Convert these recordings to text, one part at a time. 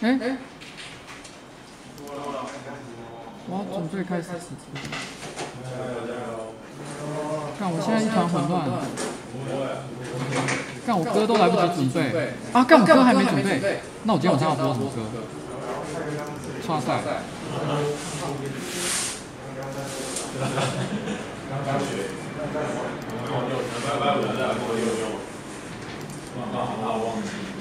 誒誒，我準備開始。幹我現在一團混亂。幹我歌都來不及準備啊！幹我歌還沒準備，那我今天晚上要播什麼歌？挫賽。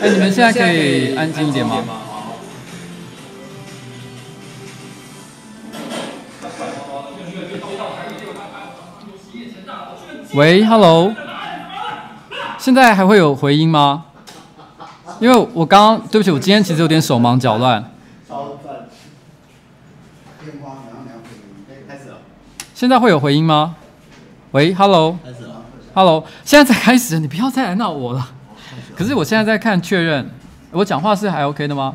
哎、 欸，你們現在可以安靜一點嗎？喂，Hello，現在還會有回音嗎？ 因為我剛剛對不起，我今天其實有點手忙腳亂。 現在會有回音嗎？喂，Hello，Hello，Hello? 現在才開始，你不要再來鬧我了。可是我現在在看確認，我講話是還 OK 的嗎？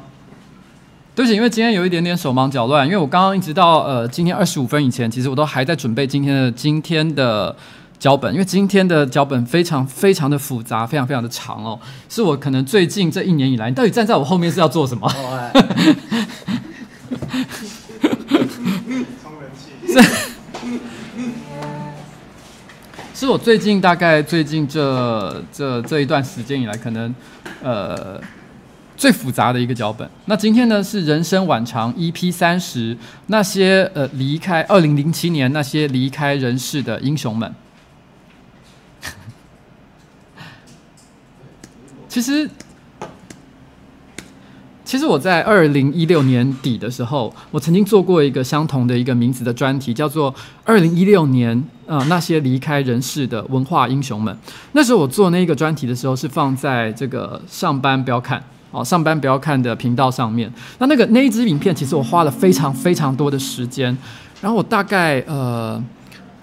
對不起，因為今天有一點點手忙腳亂，因為我剛剛一直到呃今天二十五分以前，其實我都還在準備今天的今天的腳本，因為今天的腳本非常非常的複雜，非常非常的長哦，是我可能最近這一年以來，你到底站在我後面是要做什麼？充人氣是我最近大概最近這這這一段時間以來，可能呃最複雜的一個腳本。那今天呢，是人生晚長 E P 三十，那些呃離開二零一七年那些離開人世的英雄們， 其實。其實我在二零一六年底的時候，我曾經做過一個相同的一個名字的專題，叫做2016年《二零一六年啊那些離開人世的文化英雄們》。那時候我做那個專題的時候，是放在這個“上班不要看”哦，“上班不要看”的頻道上面。那那個那一支影片，其實我花了非常非常多的時間，然後我大概呃。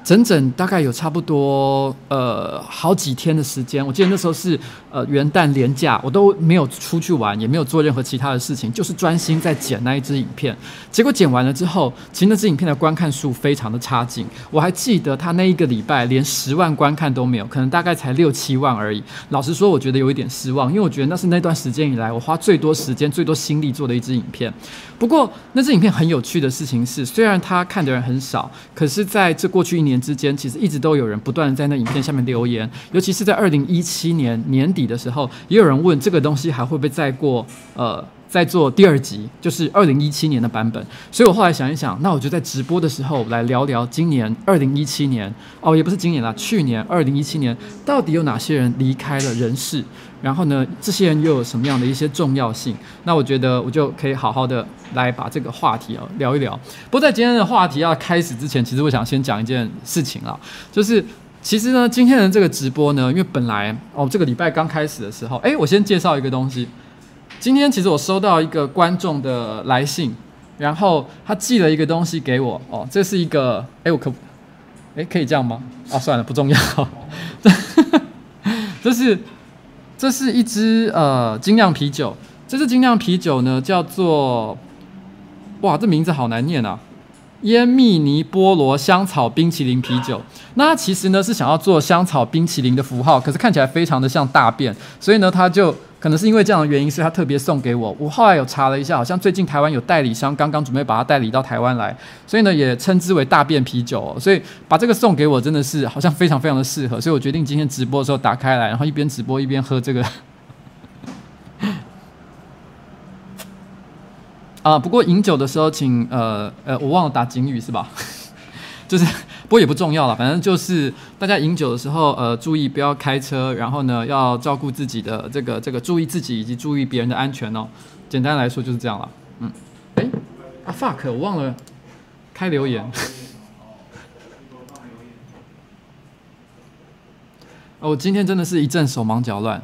整整大概有差不多呃好幾天的時間，我記得那時候是呃元旦連假，我都沒有出去玩，也沒有做任何其他的事情，就是專心在剪那一支影片。結果剪完了之後，其實那支影片的觀看數非常的差勁。我還記得他那一個禮拜連十萬觀看都沒有，可能大概才六七萬而已。老實說，我覺得有一點失望，因為我覺得那是那段時間以來我花最多時間、最多心力做的一支影片。不過，那支影片很有趣的事情是，雖然他看的人很少，可是在這過去一年。之間其實一直都有人不斷在那影片下面留言，尤其是在二零一七年年底的時候，也有人問這個東西還會不會再過呃。在做第二集，就是二零一七年的版本，所以我後來想一想，那我就在直播的時候來聊聊今年二零一七年哦，也不是今年啦，去年二零一七年到底有哪些人離開了人世，然後呢，這些人又有什麼樣的一些重要性？那我覺得我就可以好好的來把這個話題聊，聊一聊。不過在今天的話題要開始之前，其實我想先講一件事情啊，就是其實呢，今天的這個直播呢，因為本來哦這個禮拜剛開始的時候，哎、欸，我先介紹一個東西。今天其實我收到一個觀眾的來信，然後他寄了一個東西給我哦，這是一個哎我可哎可以這樣嗎？啊，算了不重要， 這是這是一支呃精釀啤酒，這支精釀啤酒呢叫做，哇這名字好難念啊，椰蜜尼菠羅香草冰淇淋啤酒。那他其實呢是想要做香草冰淇淋的符號，可是看起來非常的像大便，所以呢他就。可能是因為這樣的原因，所以他特別送給我。我後來有查了一下，好像最近台灣有代理商剛剛準備把它代理到台灣來，所以呢也稱之為“大便啤酒”。所以把這個送給我，真的是好像非常非常的適合。所以我決定今天直播的時候打開來，然後一邊直播一邊喝這個。啊，不過飲酒的時候請呃呃，我忘了打警語是吧？就是，不過也不重要了，反正就是大家飲酒的時候，呃，注意不要開車，然後呢，要照顧自己的這個這個，注意自己以及注意別人的安全哦。簡單來說就是這樣了，嗯，哎，啊、ah, fuck，我忘了開留言。哦，我今天真的是一陣手忙腳亂，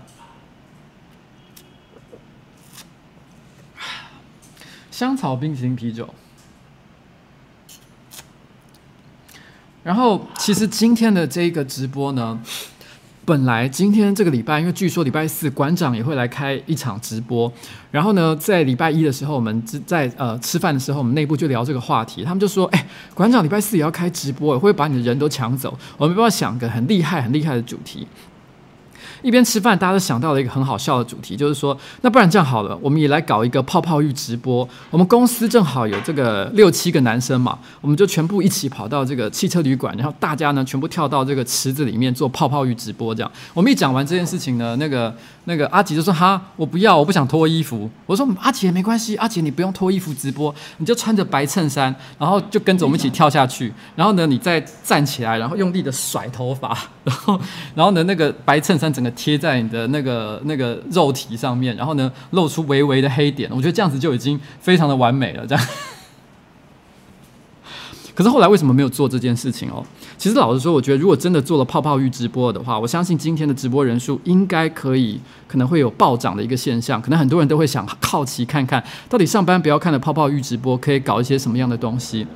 香草冰淇淋啤酒。然後，其實今天的這一個直播呢，本來今天這個禮拜，因為據說禮拜四館長也會來開一場直播，然後呢，在禮拜一的時候，我們在呃吃飯的時候，我們內部就聊這個話題，他們就說：“哎、欸，館長禮拜四也要開直播，也會把你的人都搶走。”我們不要想個很厲害、很厲害的主題。一邊吃飯，大家都想到了一個很好笑的主題，就是說，那不然這樣好了，我們也來搞一個泡泡浴直播。我們公司正好有這個六七個男生嘛，我們就全部一起跑到這個汽車旅館，然後大家呢全部跳到這個池子裡面做泡泡浴直播。這樣，我們一講完這件事情呢，那個。那個阿姐就說：“哈，我不要，我不想脫衣服。”我說：“阿姐沒關係，阿姐你不用脫衣服直播，你就穿着白襯衫，然後就跟着我們一起跳下去。非常 然後呢，你再站起來，然後用力的甩頭髮，然後，然後呢，那個白襯衫整個貼在你的那個那個肉體上面，然後呢，露出微微的黑點。我覺得這樣子就已經非常的完美了，這樣。”可是後來為什麼沒有做這件事情哦？其實老實說，我覺得如果真的做了泡泡浴直播的話，我相信今天的直播人數應該可以可能會有暴漲的一個現象，可能很多人都會想好奇看看到底上班不要看的泡泡浴直播可以搞一些什麼樣的東西。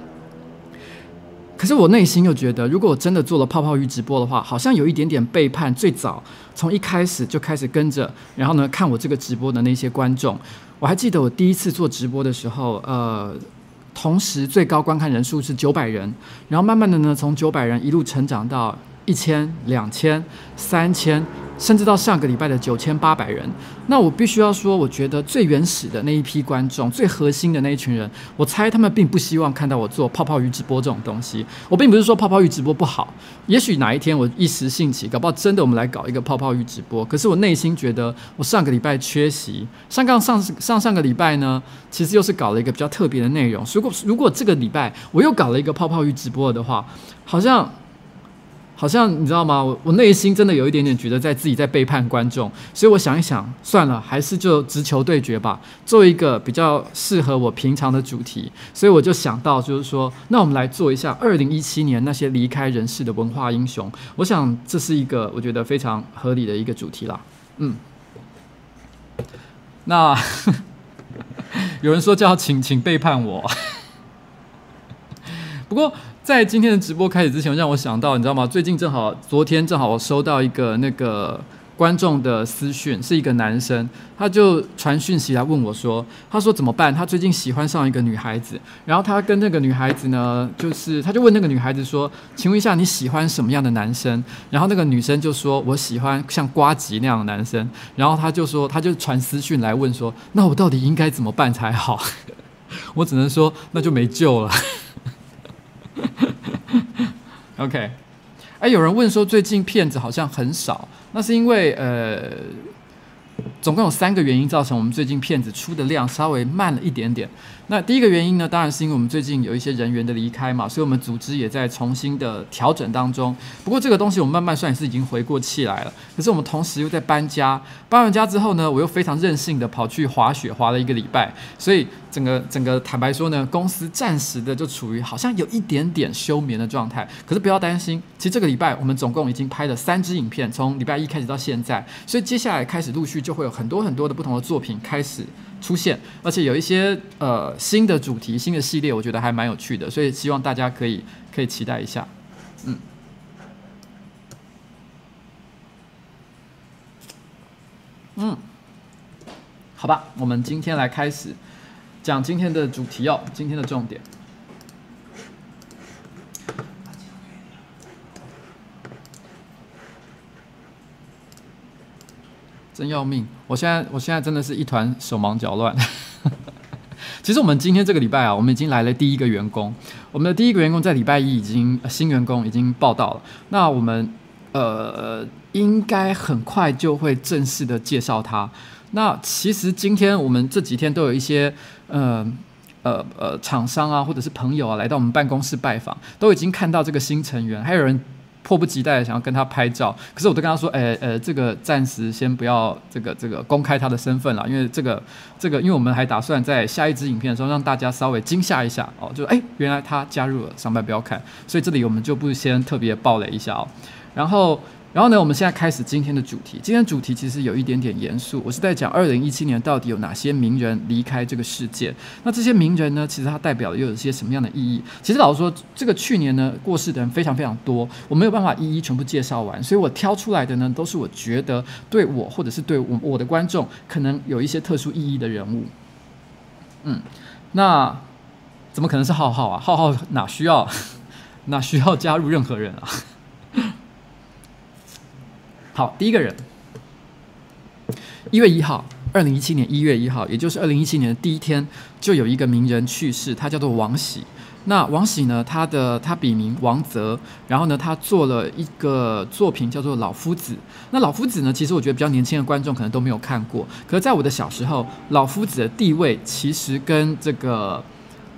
可是我內心又覺得，如果我真的做了泡泡浴直播的話，好像有一點點背叛，最早從一開始就開始跟着，然後呢，看我這個直播的那些觀眾。我還記得我第一次做直播的時候，呃。同時，最高觀看人數是九百人，然後慢慢的呢，從九百人一路成長到。一千、兩千、三千，甚至到上個禮拜的九千八百人。那我必須要說，我覺得最原始的那一批觀眾，最核心的那一群人，我猜他們並不希望看到我做泡泡魚直播這種東西。我並不是說泡泡魚直播不好，也許哪一天我一時興起，搞不好真的我們來搞一個泡泡魚直播。可是我內心覺得，我上個禮拜缺席，上上上上個禮拜呢，其實又是搞了一個比較特別的內容。如果如果這個禮拜我又搞了一個泡泡魚直播的話，好像。好像你知道嗎？我我內心真的有一點點覺得在自己在背叛觀眾，所以我想一想，算了，還是就直球對決吧，做一個比較適合我平常的主題。所以我就想到，就是說，那我們來做一下二零一七年那些離開人世的文化英雄。我想這是一個我覺得非常合理的一個主題啦。嗯，那 有人說叫請請背叛我， 不過。在今天的直播開始之前，讓我想到，你知道嗎？最近正好，昨天正好我收到一個那個觀眾的私訊，是一個男生，他就傳訊息來問我說：“他說怎麼辦？他最近喜歡上一個女孩子，然後他跟那個女孩子呢，就是他就問那個女孩子說，請問一下你喜歡什麼樣的男生？然後那個女生就說，我喜歡像呱吉那樣的男生。然後他就說，他就傳私訊來問說，那我到底應該怎麼辦才好？ 我只能說，那就沒救了。” OK，哎、欸，有人問說最近片子好像很少，那是因為呃，總共有三個原因造成我們最近片子出的量稍微慢了一點點。那第一個原因呢，當然是因為我們最近有一些人員的離開嘛，所以我們組織也在重新的調整當中。不過這個東西我們慢慢算也是已經回過氣來了。可是我們同時又在搬家，搬完家之後呢，我又非常任性的跑去滑雪，滑了一個禮拜。所以整個整個坦白說呢，公司暫時的就處於好像有一點點休眠的狀態。可是不要擔心，其實這個禮拜我們總共已經拍了三支影片，從禮拜一開始到現在。所以接下來開始陸續就會有很多很多的不同的作品開始出現，而且有一些呃新的主題、新的系列，我覺得還蠻有趣的，所以希望大家可以可以期待一下。嗯，嗯，好吧，我們今天來開始講今天的主題哦，今天的重點。真要命！我現在，我現在真的是一團手忙腳亂。 其實我們今天這個禮拜啊，我們已經來了第一個員工。我們的第一個員工在禮拜一已經、呃、新員工已經報到了。那我們呃應該很快就會正式的介紹他。那其實今天我們這幾天都有一些呃呃呃廠商啊，或者是朋友啊來到我們辦公室拜訪，都已經看到這個新成員，還有人。迫不及待想要跟他拍照，可是我都跟他說，哎、欸、呃、欸，這個暫時先不要這個這個公開他的身份了，因為這個這個，因為我們還打算在下一支影片的時候讓大家稍微驚嚇一下哦、喔，就哎、欸、原來他加入了上班不要看，所以這裡我們就不先特別爆雷一下哦、喔，然後。然後呢，我們現在開始今天的主題。今天的主題其實有一點點嚴肅，我是在講二零一七年到底有哪些名人離開這個世界。那這些名人呢，其實他代表又有一些什麼樣的意義？其實老實說，這個去年呢過世的人非常非常多，我沒有辦法一一全部介紹完，所以我挑出來的呢，都是我覺得對我或者是對我我的觀眾可能有一些特殊意義的人物。嗯，那怎麼可能是浩浩啊？浩浩哪需要哪需要加入任何人啊？好，第一個人，一月一號，二零一七年一月一號，也就是二零一七年的第一天，就有一個名人去世，他叫做王喜。那王喜呢，他的他筆名王澤，然後呢，他做了一個作品叫做《老夫子》。那《老夫子》呢，其實我覺得比較年輕的觀眾可能都沒有看過，可是在我的小時候，《老夫子》的地位其實跟這個，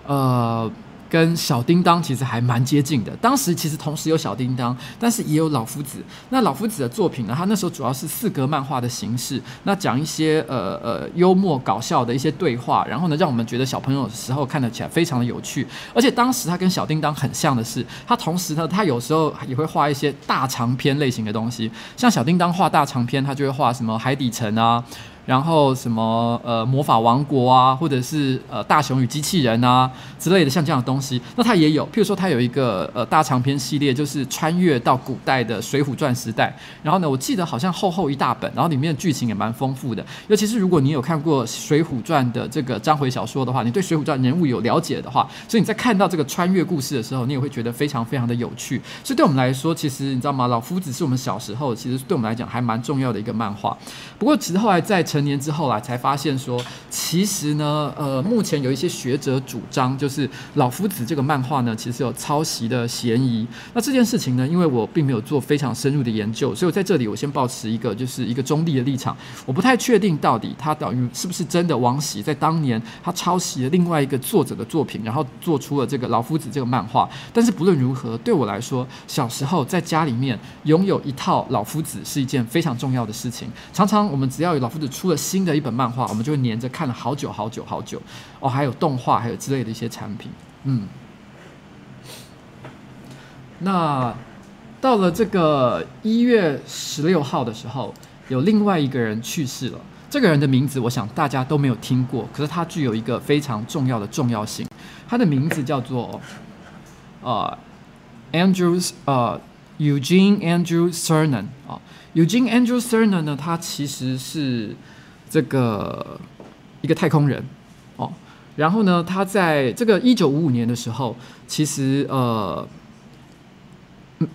呃。跟小叮噹其實還蠻接近的。當時其實同時有小叮噹，但是也有老夫子。那老夫子的作品呢，他那時候主要是四格漫畫的形式，那講一些呃呃幽默搞笑的一些對話，然後呢，讓我們覺得小朋友的時候看得起來非常的有趣。而且當時他跟小叮噹很像的是，他同時呢，他有時候也會畫一些大長篇類型的東西，像小叮噹畫大長篇，他就會畫什麼海底城啊。然後什麼呃魔法王國啊，或者是呃大雄與機器人啊之類的像這樣的東西，那他也有，譬如說他有一個呃大長篇系列，就是穿越到古代的水滸傳時代。然後呢，我記得好像厚厚一大本，然後裡面的劇情也蠻豐富的。尤其是如果你有看過水滸傳的這個章回小說的話，你對水滸傳人物有了解的話，所以你在看到這個穿越故事的時候，你也會覺得非常非常的有趣。所以對我們來說，其實你知道嗎？老夫子是我們小時候其實對我們來講還蠻重要的一個漫畫。不過其實後來在成年之後啊，才發現說，其實呢，呃，目前有一些學者主張，就是老夫子這個漫畫呢，其實有抄襲的嫌疑。那這件事情呢，因為我並沒有做非常深入的研究，所以我在這裡我先保持一個就是一個中立的立場，我不太確定到底他到底是不是真的王喜在當年他抄襲了另外一個作者的作品，然後做出了這個老夫子這個漫畫。但是不論如何，對我來說，小時候在家裡面擁有一套老夫子是一件非常重要的事情。常常我們只要有老夫子出。出了新的一本漫畫，我們就會連着看了好久好久好久。哦，還有動畫，還有之類的一些產品。嗯，那到了這個一月十六號的時候，有另外一個人去世了。這個人的名字，我想大家都沒有聽過，可是他具有一個非常重要的重要性。他的名字叫做呃，Andrews 呃，Eugene Andrew Cernan 啊。呃，Eugene Andrew Cernan 呢，他其實是。這個一個太空人，哦，然後呢，他在這個一九五五年的時候，其實呃，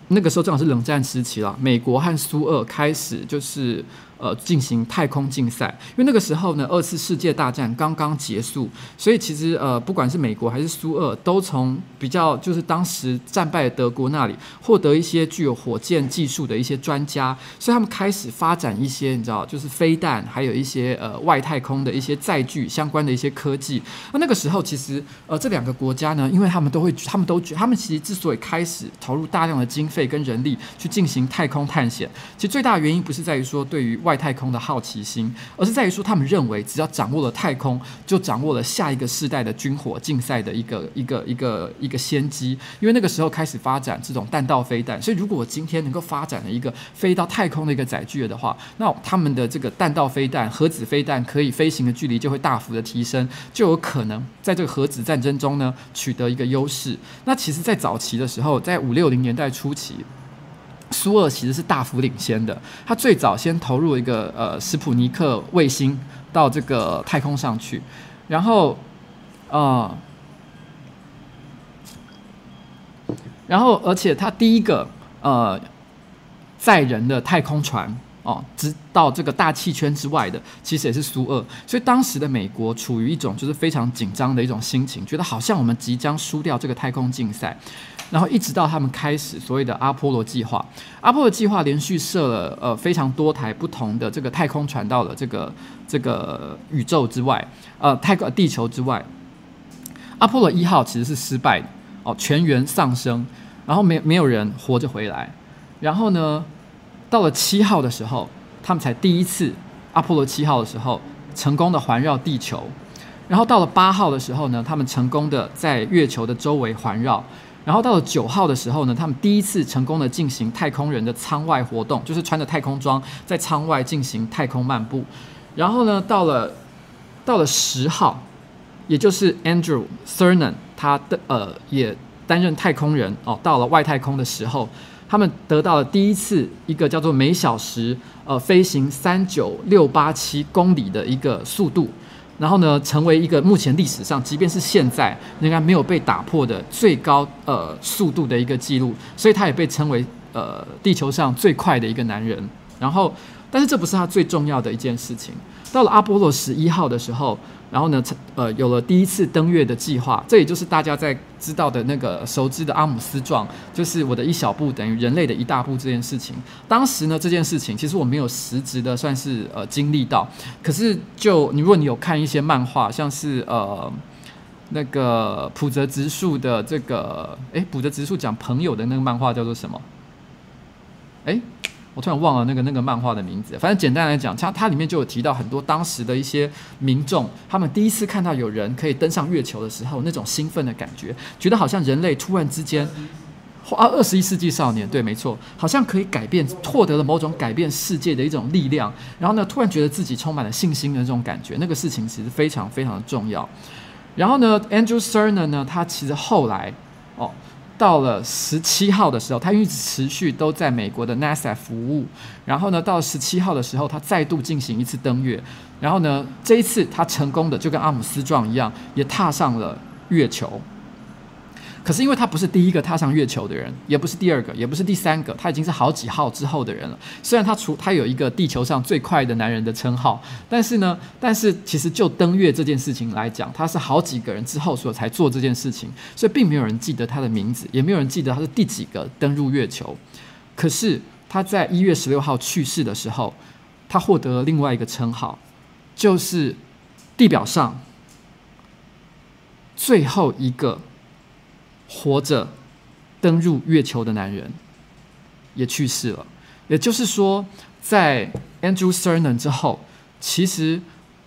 那個時候正好是冷戰時期了，美國和蘇俄開始就是。呃，進行太空競賽，因為那個時候呢，二次世界大戰剛剛結束，所以其實呃，不管是美國還是蘇俄，都從比較就是當時戰敗的德國那裡獲得一些具有火箭技術的一些專家，所以他們開始發展一些你知道，就是飛彈，還有一些呃外太空的一些載具相關的一些科技。那那個時候其實呃，這兩個國家呢，因為他們都會，他們都覺，他們其實之所以開始投入大量的經費跟人力去進行太空探險，其實最大的原因不是在於說對於外。外太空的好奇心，而是在於說，他們認為只要掌握了太空，就掌握了下一個世代的軍火競賽的一個一個一個一個先機。因為那個時候開始發展這種彈道飛彈，所以如果我今天能夠發展了一個飛到太空的一個載具的話，那他們的這個彈道飛彈、核子飛彈可以飛行的距離就會大幅的提升，就有可能在這個核子戰爭中呢取得一個優勢。那其實，在早期的時候，在五六零年代初期。蘇俄其實是大幅領先的，他最早先投入一個呃，斯普尼克衛星到這個太空上去，然後，呃然後而且他第一個呃載人的太空船哦、呃，直到這個大氣圈之外的，其實也是蘇俄，所以當時的美國處於一種就是非常緊張的一種心情，覺得好像我們即將輸掉這個太空競賽。然後一直到他們開始所謂的阿波羅計劃，阿波羅計劃連續設了呃非常多台不同的這個太空船到了這個這個宇宙之外，呃太呃地球之外，阿波羅一號其實是失敗的哦，全員喪生，然後沒沒有人活着回來，然後呢到了七號的時候，他們才第一次阿波羅七號的時候成功的環繞地球，然後到了八號的時候呢，他們成功的在月球的周圍環繞。然後到了九號的時候呢，他們第一次成功的進行太空人的艙外活動，就是穿着太空裝在艙外進行太空漫步。然後呢，到了到了十號，也就是 Andrew Cernan 他呃也擔任太空人哦，到了外太空的時候，他們得到了第一次一個叫做每小時呃飛行三九六八七公里的一個速度。然後呢，成為一個目前歷史上，即便是現在，仍然沒有被打破的最高呃速度的一個記錄，所以他也被稱為呃地球上最快的一個男人。然後，但是這不是他最重要的一件事情。到了阿波羅十一號的時候。然後呢，呃，有了第一次登月的計劃，這也就是大家在知道的那個熟知的阿姆斯壯，就是我的一小步等於人類的一大步這件事情。當時呢，這件事情其實我沒有實質的算是呃經歷到，可是就你如果你有看一些漫畫，像是呃那個浦澤直樹的這個，誒，浦澤直樹講朋友的那個漫畫叫做什麼？誒。我突然忘了那個那個漫畫的名字，反正簡單來講，它它裡面就有提到很多當時的一些民眾，他們第一次看到有人可以登上月球的時候那種興奮的感覺，覺得好像人類突然之間，啊，二十一世紀少年，對，沒錯，好像可以改變，獲得了某種改變世界的一種力量，然後呢，突然覺得自己充滿了信心的這種感覺，那個事情其實非常非常的重要，然後呢，Andrew Cernan 呢，他其實後來，哦。到了十七號的時候，他一直持續都在美國的 NASA 服務。然後呢，到十七號的時候，他再度進行一次登月。然後呢，這一次他成功的，就跟阿姆斯壯一樣，也踏上了月球。可是，因為他不是第一個踏上月球的人，也不是第二個，也不是第三個，他已經是好幾號之後的人了。雖然他除他有一個地球上最快的男人的稱號，但是呢，但是其實就登月這件事情來講，他是好幾個人之後，所才做這件事情，所以並沒有人記得他的名字，也沒有人記得他是第幾個登入月球。可是他在一月十六號去世的時候，他獲得了另外一個稱號，就是地表上最後一個活着登入月球的男人也去世了。也就是說，在 Andrew Cernan 之後，其實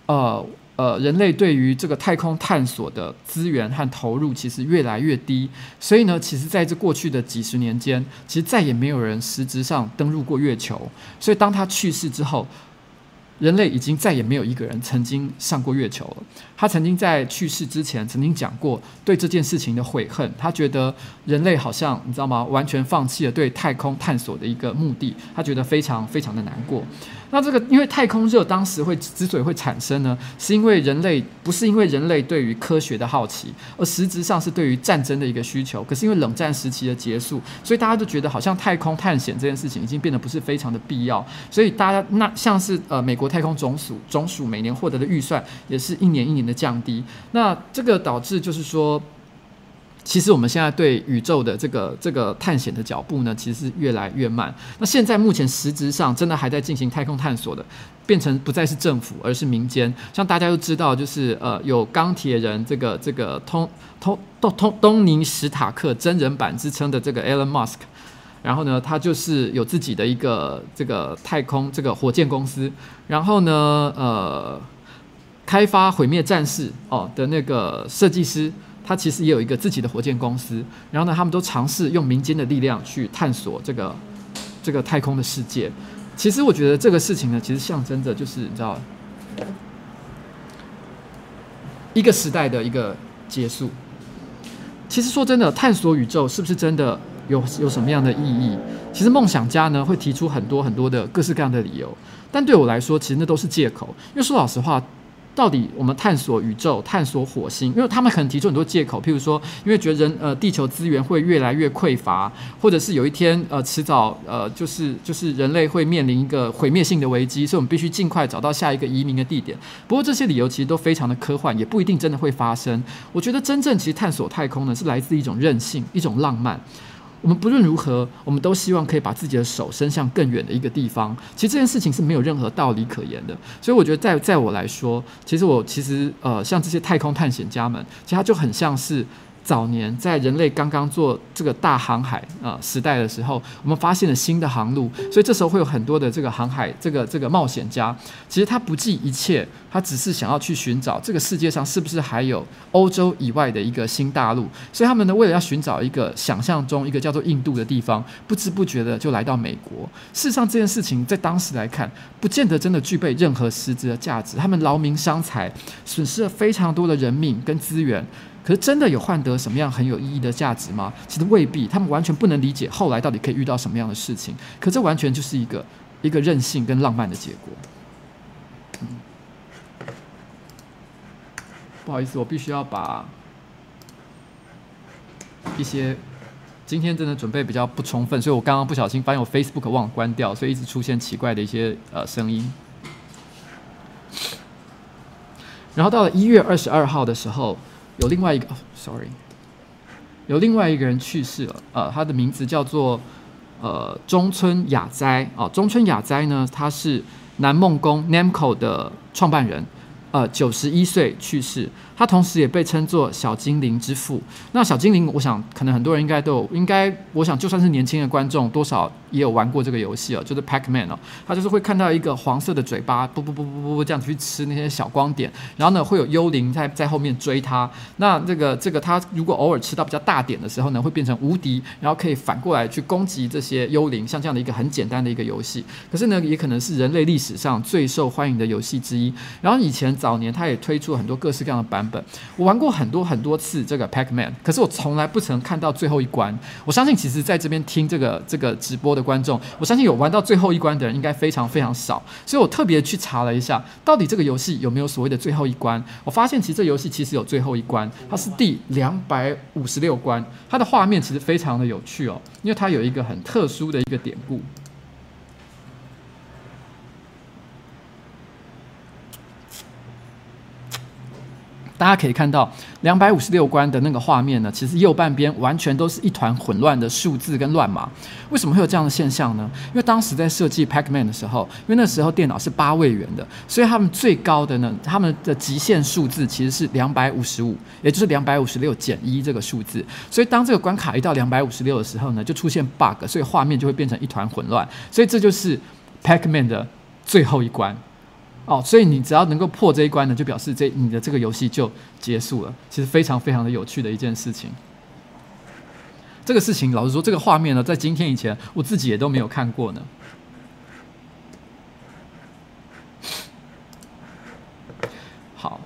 呃呃，人類對於這個太空探索的資源和投入其實越來越低。所以呢，其實在這過去的幾十年間，其實再也沒有人實質上登陸過月球。所以當他去世之後，人類已經再也沒有一個人曾經上過月球了。他曾經在去世之前曾經講過對這件事情的悔恨。他覺得人類好像，你知道嗎？完全放棄了對太空探索的一個目的。他覺得非常非常的難過。那這個，因為太空熱當時會之所以會產生呢，是因為人類不是因為人類對於科學的好奇，而實質上是對於戰爭的一個需求。可是因為冷戰時期的結束，所以大家都覺得好像太空探險這件事情已經變得不是非常的必要，所以大家那像是呃美國太空總署總署每年獲得的預算也是一年一年的降低。那這個導致就是說。其實我們現在對宇宙的這個這個探險的腳步呢，其實是越來越慢。那現在目前實質上真的還在進行太空探索的，變成不再是政府，而是民間。像大家都知道，就是呃有鋼鐵人這個這個通通東東尼史塔克真人版之稱的這個 Elon Musk，然後呢，他就是有自己的一個這個太空這個火箭公司，然後呢，呃，開發毀滅戰士哦的那個設計師。他其實也有一個自己的火箭公司，然後呢，他們都嘗試用民間的力量去探索這個這個太空的世界。其實我覺得這個事情呢，其實象徵着就是你知道，一個時代的一個結束。其實說真的，探索宇宙是不是真的有有什麼樣的意義？其實夢想家呢會提出很多很多的各式各樣的理由，但對我來說，其實那都是借口，因為說老實話，到底我們探索宇宙、探索火星，因為他們可能提出很多借口，譬如說，因為覺得人呃地球資源會越來越匱乏，或者是有一天呃遲早呃就是就是人類會面臨一個毀滅性的危機，所以我們必須盡快找到下一個移民的地點。不過這些理由其實都非常的科幻，也不一定真的會發生。我覺得真正其實探索太空呢，是來自一種任性，一種浪漫。我們不論如何，我們都希望可以把自己的手伸向更遠的一個地方。其實這件事情是沒有任何道理可言的。所以我覺得在，在在我來說，其實我其實呃，像這些太空探險家們，其實他就很像是。早年在人類剛剛做這個大航海啊、呃、時代的時候，我們發現了新的航路，所以這時候會有很多的這個航海這個這個冒險家。其實他不計一切，他只是想要去尋找這個世界上是不是還有歐洲以外的一個新大陸。所以他們呢，為了要尋找一個想象中一個叫做印度的地方，不知不覺的就來到美國。事實上，這件事情在當時來看，不見得真的具備任何實質的價值。他們勞民傷財，損失了非常多的人命跟資源。可是真的有換得什麼樣很有意義的價值嗎？其實未必，他們完全不能理解後來到底可以遇到什麼樣的事情。可這完全就是一個一個任性跟浪漫的結果。嗯，不好意思，我必須要把一些今天真的準備比較不充分，所以我剛剛不小心發現我 Facebook 忘了關掉，所以一直出現奇怪的一些呃聲音。然後到了一月二十二號的時候。有另外一個、oh，sorry，有另外一個人去世了，呃，他的名字叫做，呃，中村雅哉啊、呃，中村雅哉呢，他是南夢宮 Namco 的創辦人。呃，九十一歲去世。他同時也被稱作小精靈之父。那小精靈，我想可能很多人應該都有，應該我想就算是年輕的觀眾，多少也有玩過這個遊戲哦，就是 Pac-Man 哦。他就是會看到一個黃色的嘴巴，不不不不不不這樣子去吃那些小光點，然後呢會有幽靈在在後面追他。那這個這個他如果偶爾吃到比較大點的時候呢，會變成無敵，然後可以反過來去攻擊這些幽靈，像這樣的一個很簡單的一個遊戲。可是呢，也可能是人類歷史上最受歡迎的遊戲之一。然後以前。早年他也推出很多各式各樣的版本，我玩過很多很多次這個 Pac-Man，可是我從來不曾看到最後一關。我相信其實在這邊聽這個這個直播的觀眾，我相信有玩到最後一關的人應該非常非常少。所以我特別去查了一下，到底這個遊戲有沒有所謂的最後一關？我發現其實這遊戲其實有最後一關，它是第兩百五十六關，它的畫面其實非常的有趣哦，因為它有一個很特殊的一個典故。大家可以看到，兩百五十六關的那個畫面呢，其實右半邊完全都是一團混亂的數字跟亂碼。為什麼會有這樣的現象呢？因為當時在設計 Pac-Man 的時候，因為那時候電腦是八位元的，所以他們最高的呢，他們的極限數字其實是兩百五十五，也就是兩百五十六減一這個數字。所以當這個關卡一到兩百五十六的時候呢，就出現 bug，所以畫面就會變成一團混亂。所以這就是 Pac-Man 的最後一關。哦，所以你只要能夠破這一關呢，就表示這你的這個遊戲就結束了。其實非常非常的有趣的一件事情。這個事情老實說，這個畫面呢，在今天以前我自己也都沒有看過呢。好，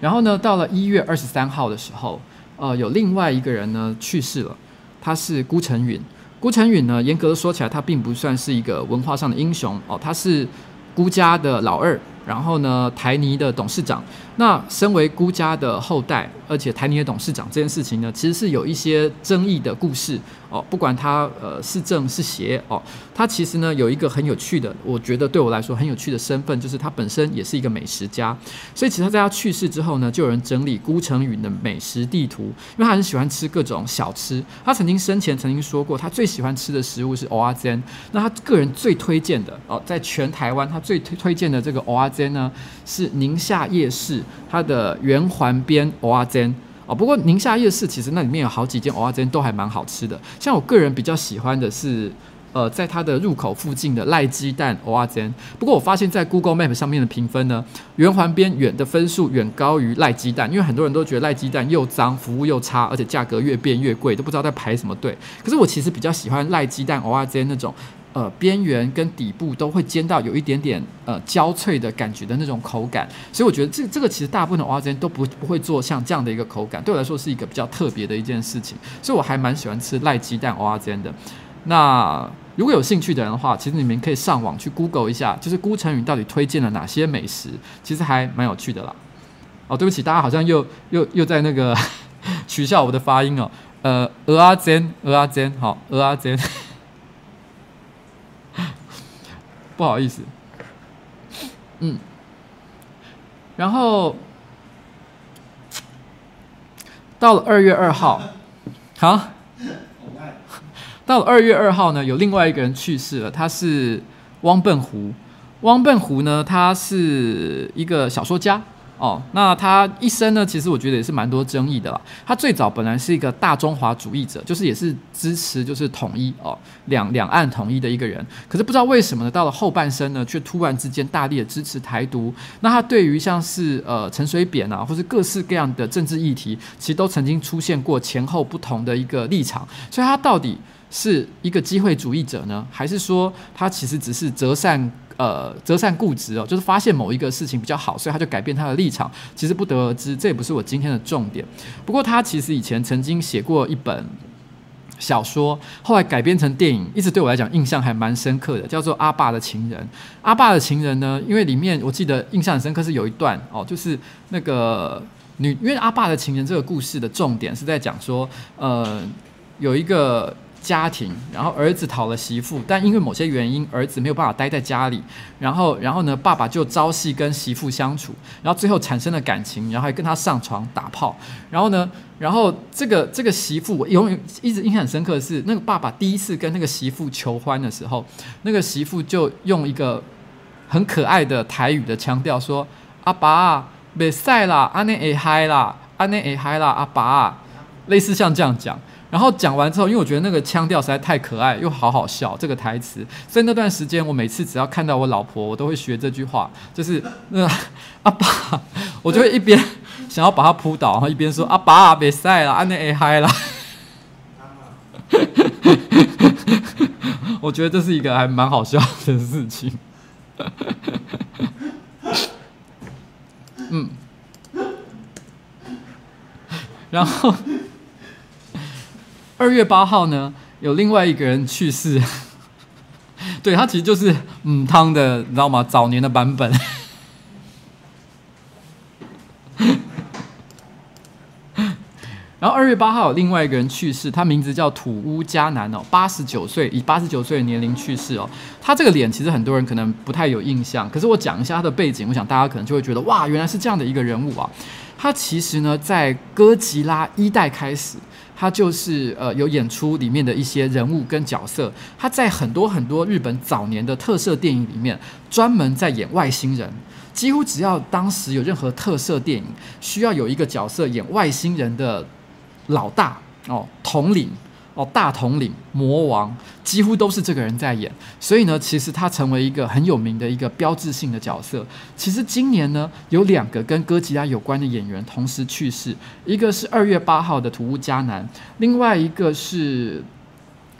然後呢，到了一月二十三號的時候，呃，有另外一個人呢去世了，他是辜成允。辜成允呢，嚴格的說起來，他並不算是一個文化上的英雄哦，他是。辜家的老二，然後呢，台泥的董事長。那身為辜家的後代，而且台泥的董事長這件事情呢，其實是有一些爭議的故事哦。不管他呃是正是邪哦，他其實呢有一個很有趣的，我覺得對我來說很有趣的身份，就是他本身也是一個美食家。所以其實他在他去世之後呢，就有人整理辜成允的美食地圖，因為他很喜歡吃各種小吃。他曾經生前曾經說過，他最喜歡吃的食物是蚵仔煎。那他個人最推薦的哦，在全台灣他最推推薦的這個蚵仔煎呢，是寧夏夜市。它的圓環邊蚵仔煎，哦，不過寧夏夜市其實那裡面有好幾間蚵仔煎都還蠻好吃的，像我個人比較喜歡的是呃，在它的入口附近的賴雞蛋蚵仔煎。不過我發現，在 Google Map 上面的評分呢，圓環邊遠的分數遠高於賴雞蛋，因為很多人都覺得賴雞蛋又髒，服務又差，而且價格越變越貴，都不知道在排什麼隊。可是我其實比較喜歡賴雞蛋蚵仔煎那種。呃，邊緣跟底部都會煎到有一點點呃焦脆的感覺的那種口感，所以我覺得這這個其實大部分的蚵仔煎都不不會做像這樣的一個口感，對我來說是一個比較特別的一件事情，所以我還蠻喜歡吃賴雞蛋蚵仔煎的。那如果有興趣的人的話，其實你們可以上網去 Google 一下，就是辜成允到底推薦了哪些美食，其實還蠻有趣的啦。哦，對不起，大家好像又又又在那個取笑我的發音哦、喔。呃，蚵啊，煎，蚵啊，煎，好、喔，蚵啊煎。不好意思，嗯，然後到了二月二號，好，到了二月二號呢，有另外一個人去世了，他是汪笨湖。汪笨湖呢，他是一個小說家。哦，那他一生呢，其實我覺得也是蠻多爭議的啦。他最早本來是一個大中華主義者，就是也是支持就是統一哦，兩兩岸統一的一個人。可是不知道為什麼呢，到了後半生呢，卻突然之間大力的支持台獨。那他對於像是呃陳水扁啊，或是各式各樣的政治議題，其實都曾經出現過前後不同的一個立場。所以他到底？是一個機會主義者呢，還是說他其實只是擇善，呃，擇善固執哦，就是發現某一個事情比較好，所以他就改變他的立場，其實不得而知。這也不是我今天的重點。不過他其實以前曾經寫過一本小說，後來改編成電影，一直對我來講印象還蠻深刻的，叫做《阿爸的情人》。《阿爸的情人》呢，因為裡面我記得印象很深刻是有一段哦，就是那個女，因為《阿爸的情人》這個故事的重點是在講說，呃，有一個。家庭，然後兒子討了媳婦，但因為某些原因，兒子沒有辦法待在家裡，然後，然後呢，爸爸就朝夕跟媳婦相處，然後最後產生了感情，然後還跟他上床打炮，然後呢，然後這個這個媳婦，我永遠一直印象很深刻的是，那個爸爸第一次跟那個媳婦求歡的時候，那個媳婦就用一個很可愛的台語的腔調說：“阿爸啊，別曬啦，阿內哎嗨啦，阿內哎嗨啦，阿爸啊。”類似像這樣講。然後講完之後，因為我覺得那個腔調實在太可愛又好好笑，這個台詞，所以那段時間我每次只要看到我老婆，我都會學這句話，就是“呃、阿爸”，我就會一邊想要把她撲倒，然後一邊說“阿爸，別曬了，安內哎嗨了”媽媽。 我覺得這是一個還蠻好笑的事情。 嗯，然後。二月八號呢，有另外一個人去世。 對，他其實就是嗯，母湯的，你知道嗎？早年的版本。 然後二月八號有另外一個人去世，他名字叫土屋嘉男哦，八十九歲，以八十九歲的年齡去世哦。他這個臉其實很多人可能不太有印象，可是我講一下他的背景，我想大家可能就會覺得哇，原來是這樣的一個人物啊。他其實呢，在哥吉拉一代開始。他就是呃有演出裡面的一些人物跟角色，他在很多很多日本早年的特色電影裡面，專門在演外星人，幾乎只要當時有任何特色電影，需要有一個角色演外星人的老大哦，統領。大統領魔王幾乎都是這個人在演，所以呢，其實他成為一個很有名的一個標誌性的角色。其實今年呢，有兩個跟哥吉拉有關的演員同時去世，一個是二月八號的土屋嘉男，另外一個是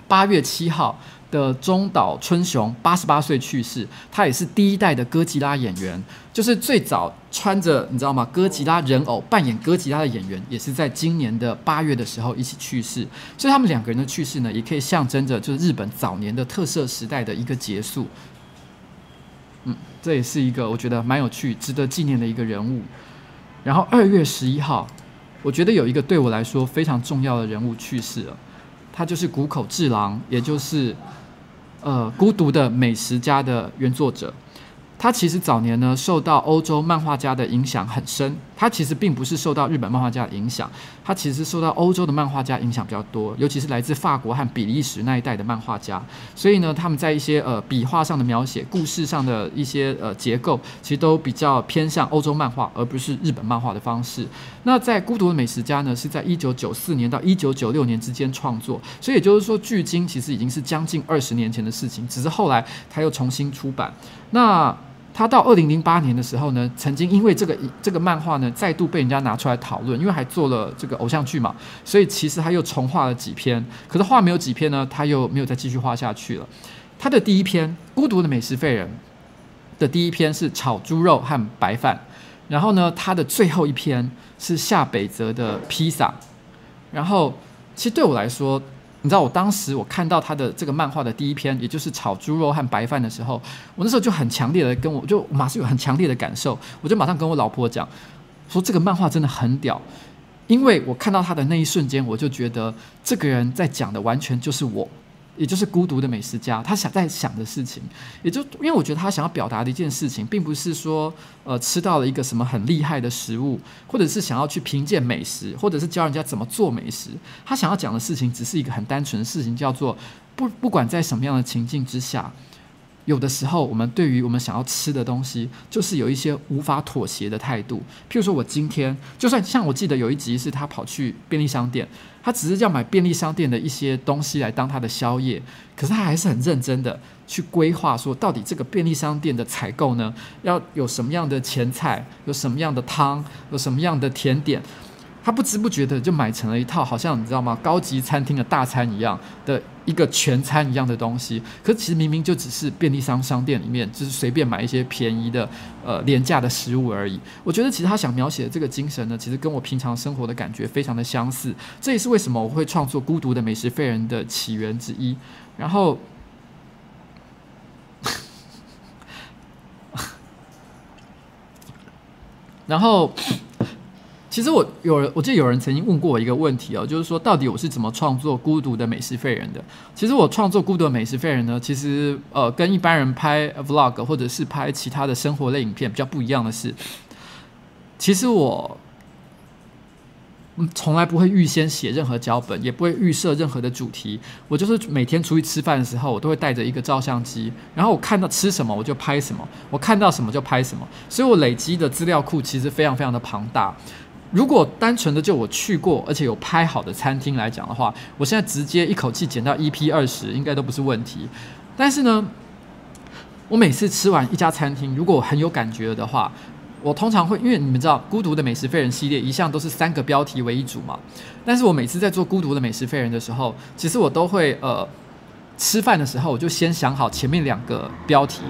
八月七號。的中島春雄八十八歲去世，他也是第一代的哥吉拉演員，就是最早穿着你知道嗎？哥吉拉人偶扮演哥吉拉的演員，也是在今年的八月的時候一起去世。所以他們兩個人的去世呢，也可以象徵着就是日本早年的特攝時代的一個結束。嗯，這也是一個我覺得蠻有趣、值得紀念的一個人物。然後二月十一號，我覺得有一個對我來說非常重要的人物去世了，他就是谷口治郎，也就是。呃，孤獨的美食家的原作者，他其實早年呢，受到歐洲漫畫家的影響很深。它其實並不是受到日本漫畫家的影響，它其實受到歐洲的漫畫家的影響比較多，尤其是來自法國和比利時那一代的漫畫家。所以呢，他們在一些呃筆畫上的描寫、故事上的一些呃結構，其實都比較偏向歐洲漫畫，而不是日本漫畫的方式。那在《孤獨的美食家》呢，是在1994年到1996年之間創作，所以也就是說，距今其實已經是將近二十年前的事情。只是後來他又重新出版。那。他到二零零八年的時候呢，曾經因為這個這個漫畫呢，再度被人家拿出來討論，因為還做了這個偶像劇嘛，所以其實他又重畫了幾篇，可是畫沒有幾篇呢，他又沒有再繼續畫下去了。他的第一篇《孤獨的美食廢人》的第一篇是炒豬肉和白飯，然後呢，他的最後一篇是下北澤的披薩，然後其實對我來說。你知道，我當時我看到他的這個漫畫的第一篇，也就是炒豬肉和白飯的時候，我那時候就很強烈的跟我就我馬上有很強烈的感受，我就馬上跟我老婆講，說這個漫畫真的很屌，因為我看到他的那一瞬間，我就覺得這個人在講的完全就是我。也就是孤獨的美食家，他想在想的事情，也就因為我覺得他想要表達的一件事情，並不是說呃吃到了一個什麼很厲害的食物，或者是想要去評鑑美食，或者是教人家怎麼做美食。他想要講的事情，只是一個很單純的事情，叫做不，不管在什麼樣的情境之下。有的時候，我們對於我們想要吃的東西，就是有一些無法妥協的態度。譬如說，我今天就算像我記得有一集是他跑去便利商店，他只是要買便利商店的一些東西來當他的宵夜，可是他還是很認真的去規劃，說到底這個便利商店的採購呢，要有什麼樣的前菜，有什麼樣的湯，有什麼樣的甜點。他不知不覺的就買成了一套，好像你知道嗎？高級餐廳的大餐一樣的一個全餐一樣的東西。可是其實明明就只是便利商，商店裡面，就是隨便買一些便宜的、呃廉價的食物而已。我覺得其實他想描寫的這個精神呢，其實跟我平常生活的感覺非常的相似。這也是為什麼我會創作《孤獨的美食廢人》的起源之一。然後，然後。其實我有人，我記得有人曾經問過我一個問題哦，就是說到底我是怎麼創作《孤獨的美食廢人》的？其實我創作《孤獨的美食廢人》呢，其實呃，跟一般人拍 vlog 或者是拍其他的生活類影片比較不一樣的是，其實我嗯，從來不會預先寫任何腳本，也不會預設任何的主題。我就是每天出去吃飯的時候，我都會帶着一個照相機，然後我看到吃什麼我就拍什麼，我看到什麼就拍什麼，所以我累積的資料庫其實非常非常的龐大。如果單純的就我去過而且有拍好的餐廳來講的話，我現在直接一口氣剪到 EP 二十應該都不是問題。但是呢，我每次吃完一家餐廳，如果我很有感覺的話，我通常會因為你們知道《孤獨的美食廢人》系列一向都是三個標題為一組嘛。但是我每次在做《孤獨的美食廢人》的時候，其實我都會呃吃飯的時候我就先想好前面兩個標題，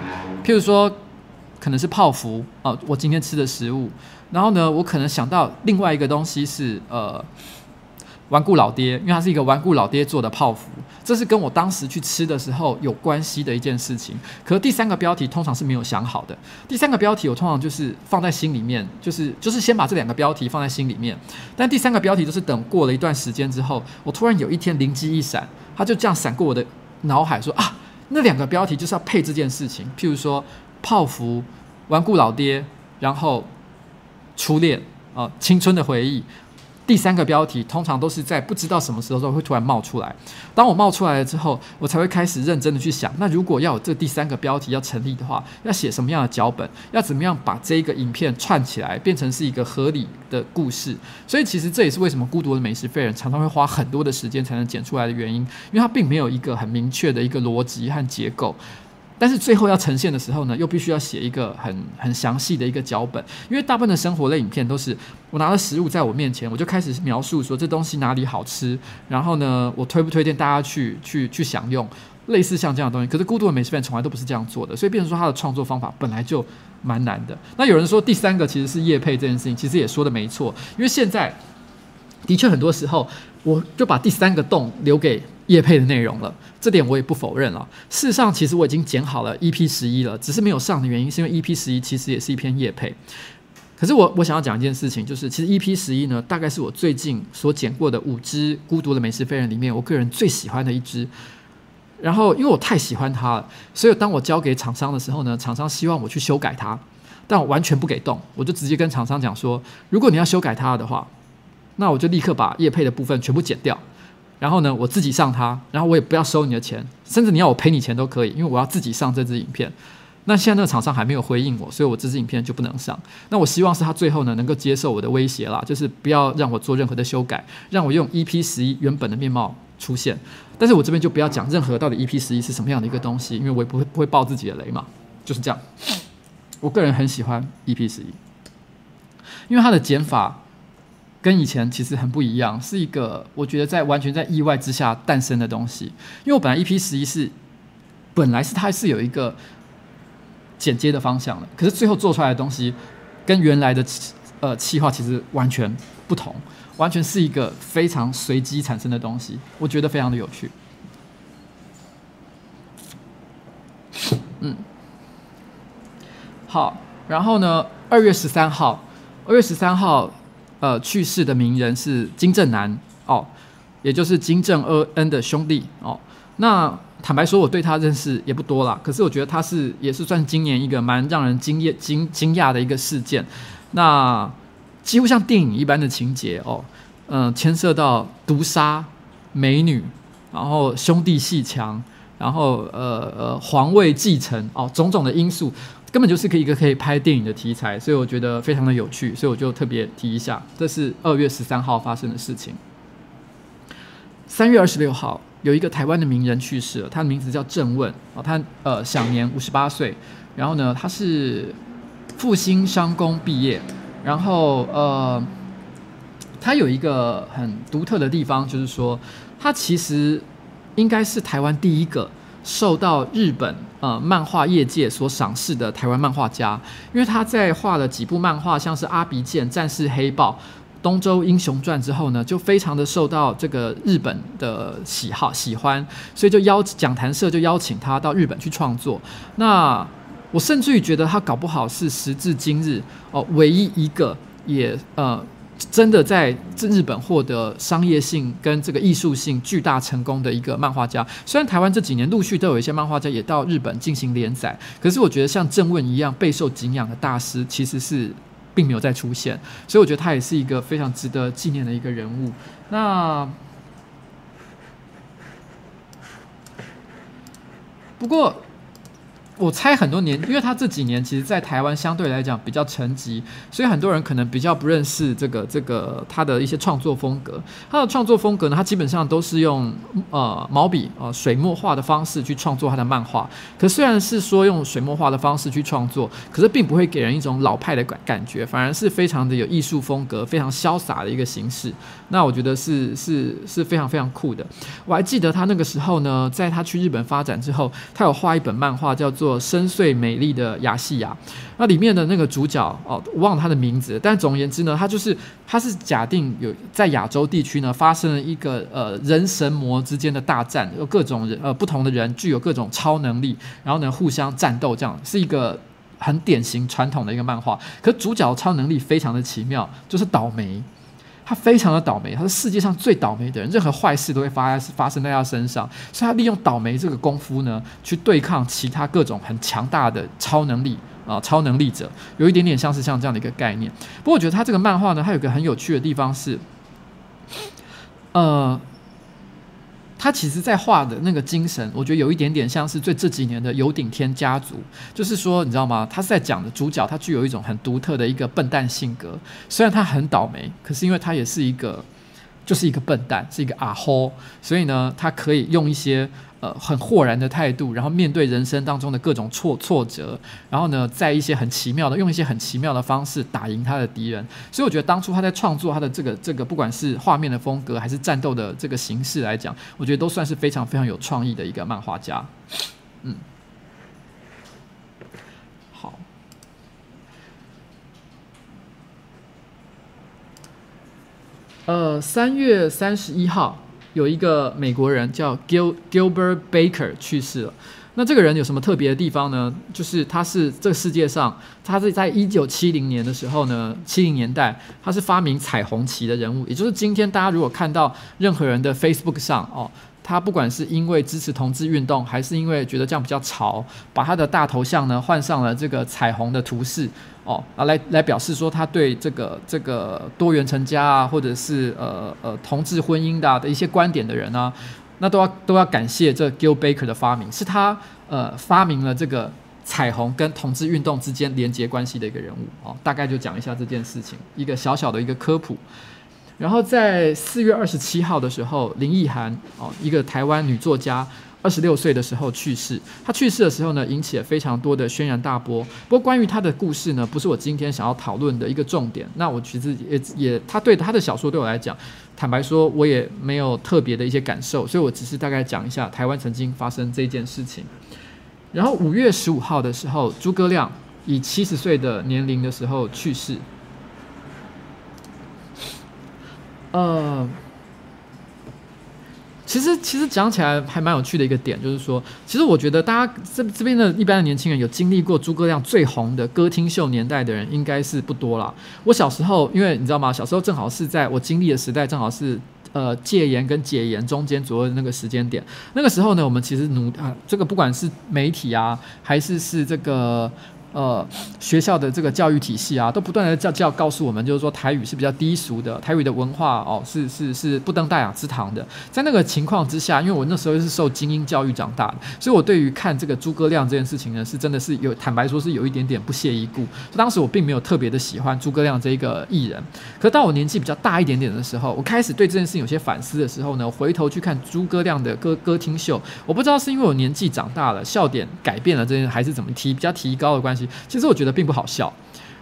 譬如說可能是泡芙啊、呃，我今天吃的食物。然後呢，我可能想到另外一個東西是呃，頑固老爹，因為它是一個頑固老爹做的泡芙，這是跟我當時去吃的時候有關係的一件事情。可是第三個標題通常是沒有想好的，第三個標題我通常就是放在心裡面，就是就是先把這兩個標題放在心裡面，但第三個標題就是等過了一段時間之後，我突然有一天靈機一閃，它就這樣閃過我的腦海說，說啊，那兩個標題就是要配這件事情，譬如說泡芙、頑固老爹，然後。初戀啊、呃，青春的回憶，第三個標題通常都是在不知道什麼時候都會突然冒出來。當我冒出來了之後，我才會開始認真的去想，那如果要有這第三個標題要成立的話，要寫什麼樣的腳本，要怎麼樣把這個影片串起來，變成是一個合理的故事。所以，其實這也是為什麼《孤獨的美食廢人》常常會花很多的時間才能剪出來的原因，因為它並沒有一個很明確的一個邏輯和結構。但是最後要呈現的時候呢，又必須要寫一個很很詳細的一個腳本，因為大部分的生活類影片，都是我拿了食物在我面前，我就開始描述說，這東西哪裡好吃，然後呢，我推不推薦大家去去去享用，類似像這樣的東西。可是孤獨的美食片從來都不是這樣做的，所以變成說他的創作方法本來就蠻難的。那有人說第三個其實是業配這件事情，其實也說得沒錯，因為現在的確很多時候，我就把第三個洞留給。業配的內容了，這點我也不否認了。事實上，其實我已經剪好了 EP 十一了，只是沒有上的原因是因為 EP 十一其實也是一篇業配。可是我我想要講一件事情，就是其實 EP 十一呢，大概是我最近所剪過的五支孤獨的美食廢人裡面，我個人最喜歡的一支。然後因為我太喜歡它了，所以當我交給廠商的時候呢，廠商希望我去修改它，但我完全不給動。我就直接跟廠商講說，如果你要修改它的話，那我就立刻把業配的部分全部剪掉。然後呢，我自己上它，然後我也不要收你的錢，甚至你要我賠你錢都可以，因為我要自己上這支影片。那現在那個廠商還沒有回應我，所以我這支影片就不能上。那我希望是他最後呢能夠接受我的威脅啦，就是不要讓我做任何的修改，讓我用 EP 十一原本的面貌出現。但是我這邊就不要講任何到底 EP 十一是什麼樣的一個東西，因為我也不會不會爆自己的雷嘛，就是這樣。我個人很喜歡 EP 十一，因為它的減法，跟以前其實很不一樣，是一個我覺得在完全在意外之下誕生的東西。因為我本來 EP 十一是本來是它是有一個剪接的方向的，可是最後做出來的東西跟原來的呃企劃，其實完全不同，完全是一個非常隨機產生的東西，我覺得非常的有趣。嗯，好，然後呢，二月十三號，二月十三號。呃，去世的名人是金正男哦，也就是金正恩的兄弟哦。那坦白說，我對他認識也不多了，可是我覺得他是也是算今年一個蠻讓人驚豔驚驚訝的一個事件。那幾乎像電影一般的情節哦，嗯、呃，牽涉到毒殺美女，然後兄弟鬩牆，然後呃呃，皇位繼承哦，種種的因素。根本就是可以一個可以拍電影的題材，所以我覺得非常的有趣，所以我就特別提一下，這是二月十三號發生的事情。三月二十六號，有一個台灣的名人去世了，他的名字叫鄭問啊，他呃享年五十八歲，然後呢，他是復興商工畢業，然後呃，他有一個很獨特的地方，就是說他其實應該是台灣第一個受到日本。呃，漫畫業界所賞識的台灣漫畫家，因為他在畫了幾部漫畫，像是《阿鼻劍》《戰士黑豹》《東周英雄傳》之後呢，就非常的受到這個日本的喜好喜歡，所以就邀講談社就邀請他到日本去創作。那我甚至於覺得他搞不好是時至今日哦，呃，唯一一個也呃。真的在日本獲得商業性跟這個藝術性巨大成功的一個漫畫家，雖然台灣這幾年陸續都有一些漫畫家也到日本進行連載，可是我覺得像鄭問一樣備受敬仰的大師，其實是並沒有再出現，所以我覺得他也是一個非常值得紀念的一個人物。那不過。我猜很多年，因為他這幾年其實，在台灣相對來講比較沉寂，所以很多人可能比較不認識這個這個他的一些創作風格。他的創作風格呢，他基本上都是用呃毛筆啊、呃、水墨畫的方式去創作他的漫畫。可雖然是說用水墨畫的方式去創作，可是並不會給人一種老派的感感覺，反而是非常的有藝術風格，非常瀟灑的一個形式。那我覺得是是是非常非常酷的。我還記得他那個時候呢，在他去日本發展之後，他有畫一本漫畫叫做《深邃美麗的亞細亞》，那裡面的那個主角哦，忘了他的名字，但總而言之呢，他就是他是假定有在亞洲地區呢發生了一個呃人神魔之間的大戰，有各種人呃不同的人具有各種超能力，然後呢互相戰鬥，這樣是一個很典型傳統的一個漫畫。可主角超能力非常的奇妙，就是倒霉。他非常的倒霉，他是世界上最倒霉的人，任何壞事都會發生。發生在他身上，所以他利用倒霉這個功夫呢，去對抗其他各種很強大的超能力啊、呃，超能力者，有一點點像是像這樣的一個概念。不過，我覺得他這個漫畫呢，它有一個很有趣的地方是，呃。他其實，在畫的那個精神，我覺得有一點點像是最這幾年的有頂天家族，就是說，你知道嗎？他是在講的主角，他具有一種很獨特的一個笨蛋性格。雖然他很倒霉，可是因為他也是一個，就是一個笨蛋，是一個啊吼，所以呢，他可以用一些。呃，很豁然的態度，然後面對人生當中的各種挫挫折，然後呢，在一些很奇妙的，用一些很奇妙的方式打贏他的敵人。所以我覺得當初他在創作他的這個這個，不管是畫面的風格，還是戰鬥的這個形式來講，我覺得都算是非常非常有創意的一個漫畫家。嗯，好。呃，三月三十一號。有一個美國人叫 Gil Gilbert Baker 去世了。那這個人有什麼特別的地方呢？就是他是這個世界上，他是在一九七零年的時候呢，七零年代，他是發明彩虹旗的人物，也就是今天大家如果看到任何人的 Facebook 上哦。他不管是因為支持同志運動，還是因為覺得這樣比較潮，把他的大頭像呢換上了這個彩虹的圖示哦啊，來來表示說他對這個這個多元成家啊，或者是呃呃同志婚姻的、啊、的一些觀點的人呢、啊，那都要都要感謝這 Gil Baker 的發明，是他呃發明了這個彩虹跟同志運動之間連接關係的一個人物哦，大概就講一下這件事情，一個小小的一個科普。然後在四月二十七號的時候林，林奕含哦，一個台灣女作家，二十六歲的時候去世。她去世的時候呢，引起了非常多的軒然大波。不過關於她的故事呢，不是我今天想要討論的一個重點。那我其實也也，她對她的小說對我來講，坦白說，我也沒有特別的一些感受，所以我只是大概講一下台灣曾經發生這件事情。然後五月十五號的時候，諸葛亮以七十歲的年齡的時候去世。呃，其實其實講起來還蠻有趣的一個點，就是說，其實我覺得大家這這邊的一般的年輕人有經歷過豬哥亮最紅的歌廳秀年代的人，應該是不多了。我小時候，因為你知道嗎？小時候正好是在我經歷的時代，正好是呃戒嚴跟解嚴中間左右的那個時間點。那個時候呢，我們其實努啊，呃，這個不管是媒體啊，還是是這個。呃，學校的這個教育體系啊，都不斷的教教告訴我們，就是說台語是比較低俗的，台語的文化哦，是是是不登大雅之堂的。在那個情況之下，因為我那時候是受精英教育長大的，所以我對於看這個豬哥亮這件事情呢，是真的是有，坦白說是有一點點不屑一顧。當時我並沒有特別的喜歡豬哥亮這一個藝人，可是到我年紀比較大一點點的時候，我開始對這件事情有些反思的時候呢，回頭去看豬哥亮的歌歌廳秀，我不知道是因為我年紀長大了，笑點改變了，這件還是怎麼提比較提高的關係。其實我覺得並不好笑，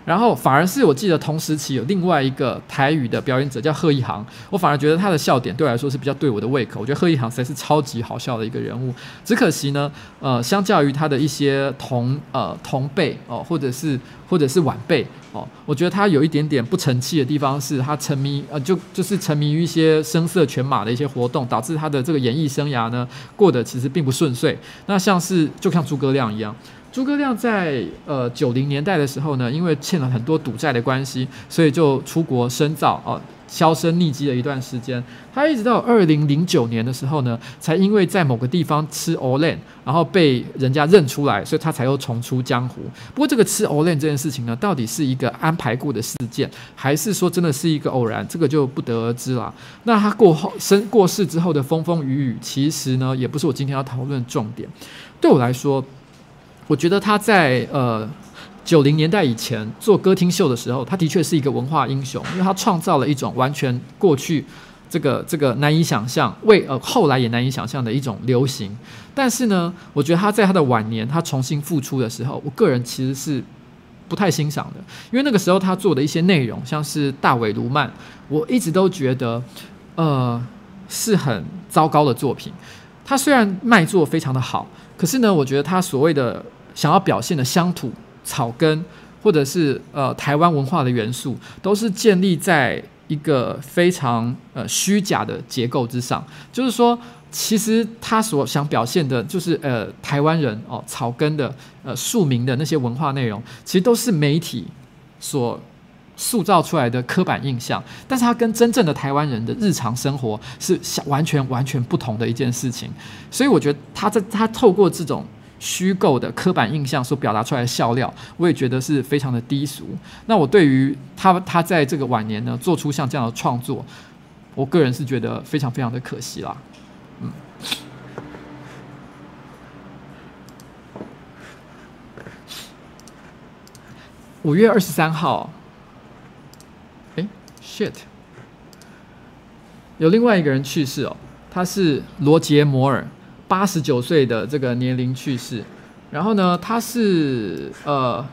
然後反而是我記得同時期有另外一個台語的表演者叫賀一航，我反而覺得他的笑點對我來說是比較對我的胃口。我覺得賀一航實在是超級好笑的一個人物，只可惜呢，呃，相較於他的一些同呃同輩哦，或者是或者是晚輩哦，我覺得他有一點點不成器的地方，是他沉迷呃就就是沉迷於一些聲色犬馬的一些活動，導致他的這個演藝生涯呢，過得其實並不順遂。那像是就像豬哥亮一樣。豬哥亮在呃九零年代的時候呢，因為欠了很多賭債的關係，所以就出國深造哦，銷聲匿跡了一段時間。他一直到二零零九年的時候呢，才因為在某個地方吃藕鏈，然後被人家認出來，所以他才又重出江湖。不過，這個吃藕鏈這件事情呢，到底是一個安排過的事件，還是說真的是一個偶然，這個就不得而知啦。那他過後生過世之後的風風雨雨，其實呢，也不是我今天要討論的重點。對我來說。我覺得他在呃九零年代以前做歌廳秀的時候，他的確是一個文化英雄，因為他創造了一種完全過去這個這個難以想象，未呃後來也難以想象的一種流行。但是呢，我覺得他在他的晚年，他重新復出的時候，我個人其實是不太欣賞的，因為那個時候他做的一些內容，像是大尾鱸鰻，我一直都覺得呃是很糟糕的作品。他雖然賣座非常的好，可是呢，我覺得他所謂的。想要表現的鄉土草根，或者是呃台灣文化的元素，都是建立在一個非常呃虛假的結構之上。就是說，其實他所想表現的，就是呃台灣人哦草根的呃庶民的那些文化內容，其實都是媒體所塑造出來的刻板印象。但是，他跟真正的台灣人的日常生活是相完全完全不同的一件事情。所以，我覺得他在他透過這種。虛構的刻板印象所表達出來的笑料，我也覺得是非常的低俗。那我對於他他在這個晚年呢做出像這樣的創作，我個人是覺得非常非常的可惜啦。嗯，五月二十三號，哎，欸，shit，有另外一個人去世哦，他是羅傑摩爾。八十九歲的這個年齡去世，然後呢，他是呃，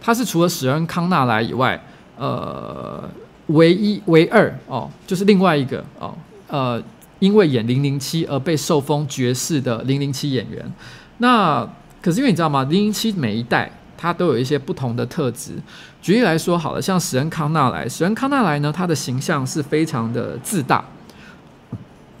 他是除了史恩康納萊以外，呃，唯一唯二哦，就是另外一個哦，呃，因為演《零零七》而被受封爵士的《零零七》演員。那可是因為你知道嗎，《零零七》每一代他都有一些不同的特質。舉例來說，好了，像史恩康納萊，史恩康納萊呢，他的形象是非常的自大，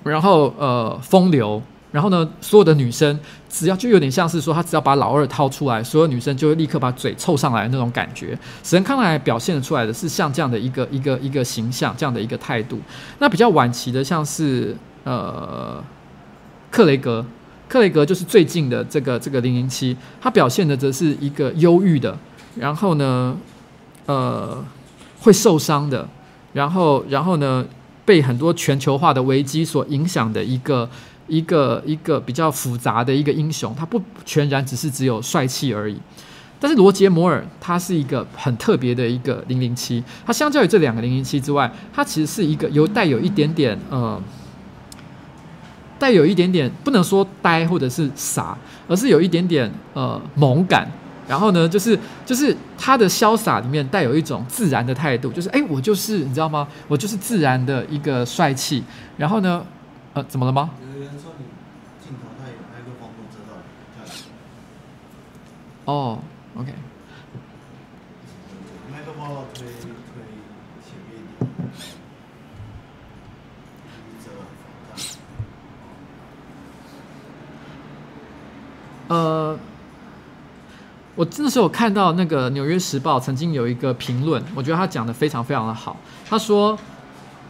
然後呃，風流。然後呢，所有的女生只要就有點像是說，他只要把老二掏出來，所有女生就會立刻把嘴湊上來的那種感覺。史恩康萊表現出來的是像這樣的一個一個一個形象，這樣的一個態度。那比較晚期的像是呃，克雷格，克雷格就是最近的這個這個零零七，他表現的則是一個憂鬱的，然後呢，呃，會受傷的，然後然後呢，被很多全球化的危機所影響的一個，一個一個比較複雜的一個英雄，他不全然只是只有帥氣而已。但是羅傑摩爾他是一個很特別的一個零零七，他相較於這兩個零零七之外，他其實是一個有帶有一點點呃，帶有一點點不能說呆或者是傻，而是有一點點呃萌感。然後呢，就是就是他的瀟灑裡面帶有一種自然的態度，就是哎、欸，我就是你知道嗎？我就是自然的一個帥氣。然後呢，呃，怎麼了嗎？哦、oh，OK。呃，uh, 我真的是有看到那個《紐約時報》曾經有一個評論，我覺得他講的非常非常的好。他說：“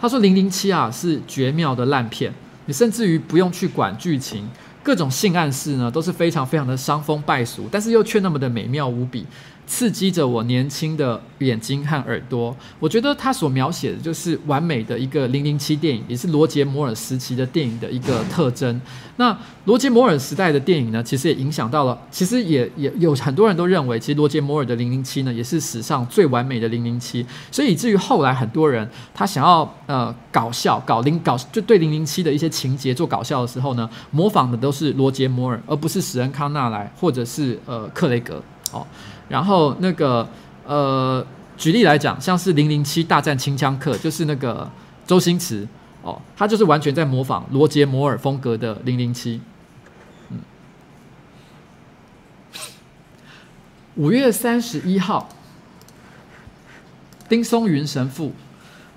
他說《零零七》啊是絕妙的爛片，你甚至於不用去管劇情。”各種性暗示呢，都是非常非常的傷風敗俗，但是又卻那麼的美妙無比。刺激着我年輕的眼睛和耳朵。我覺得他所描寫的就是完美的一個零零七電影，也是羅傑摩爾時期的電影的一個特徵。那羅傑摩爾時代的電影呢，其實也影響到了。其實也也有很多人都認為，其實羅杰摩爾的零零七呢，也是史上最完美的零零七。所以以至於後來很多人他想要呃搞笑搞零搞就對零零七的一些情節做搞笑的時候呢，模仿的都是羅傑摩爾，而不是史恩康納萊或者是呃克雷格哦。然後那個呃，舉例來講，像是《零零七大戰清槍客》，就是那個周星馳哦，他就是完全在模仿羅傑摩爾風格的零零七。嗯，五月三十一號，丁松雲神父，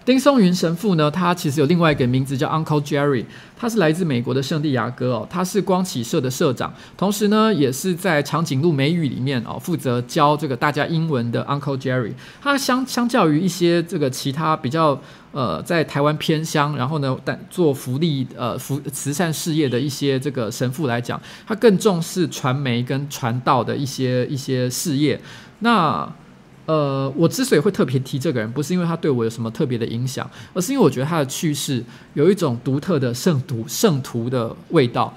丁松雲神父呢，他其實有另外一個名字叫 Uncle Jerry。他是來自美國的聖地亞哥哦，他是光啟社的社長，同時呢，也是在長頸鹿美語裡面哦負責教這個大家英文的 Uncle Jerry。他相相較於一些這個其他比較呃在台灣偏鄉，然後呢但做福利呃福慈善事業的一些這個神父來講，他更重視傳媒跟傳道的一些一些事業。那呃，我之所以會特別提這個人，不是因為他對我有什麼特別的影響，而是因為我覺得他的去世有一種獨特的聖徒聖徒的味道。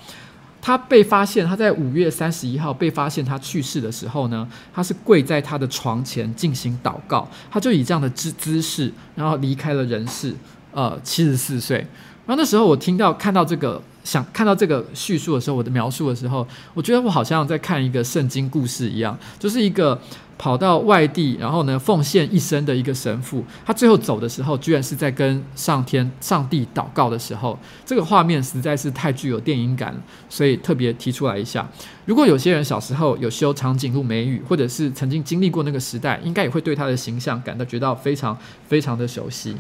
他被發現，他在五月三十一號被發現他去世的時候呢，他是跪在他的床前進行禱告，他就以這樣的姿姿勢，然後離開了人世。呃，七十四歲。然後那時候我聽到看到這個想看到這個敘述的時候，我的描述的時候，我覺得我好像在看一個聖經故事一樣，就是一個。跑到外地，然後呢，奉獻一生的一個神父，他最後走的時候，居然是在跟上天、上帝禱告的時候，這個畫面實在是太具有電影感，所以特別提出來一下。如果有些人小時候有修長頸鹿美語，或者是曾經經歷過那個時代，應該也會對他的形象感到覺到非常非常的熟悉。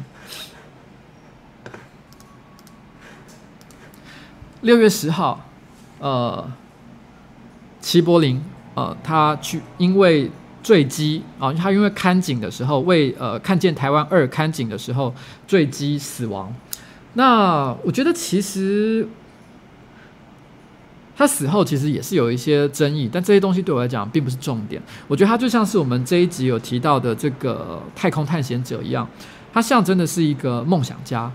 六月十號，呃，齊柏林，呃，他去因為。墜機啊！他因為看景的時候，為呃看見台灣二看景的時候墜機死亡。那我覺得其實他死後其實也是有一些爭議，但這些東西對我來講並不是重點。我覺得他就像是我們這一集有提到的這個太空探險者一樣，他象徵的是一個夢想家。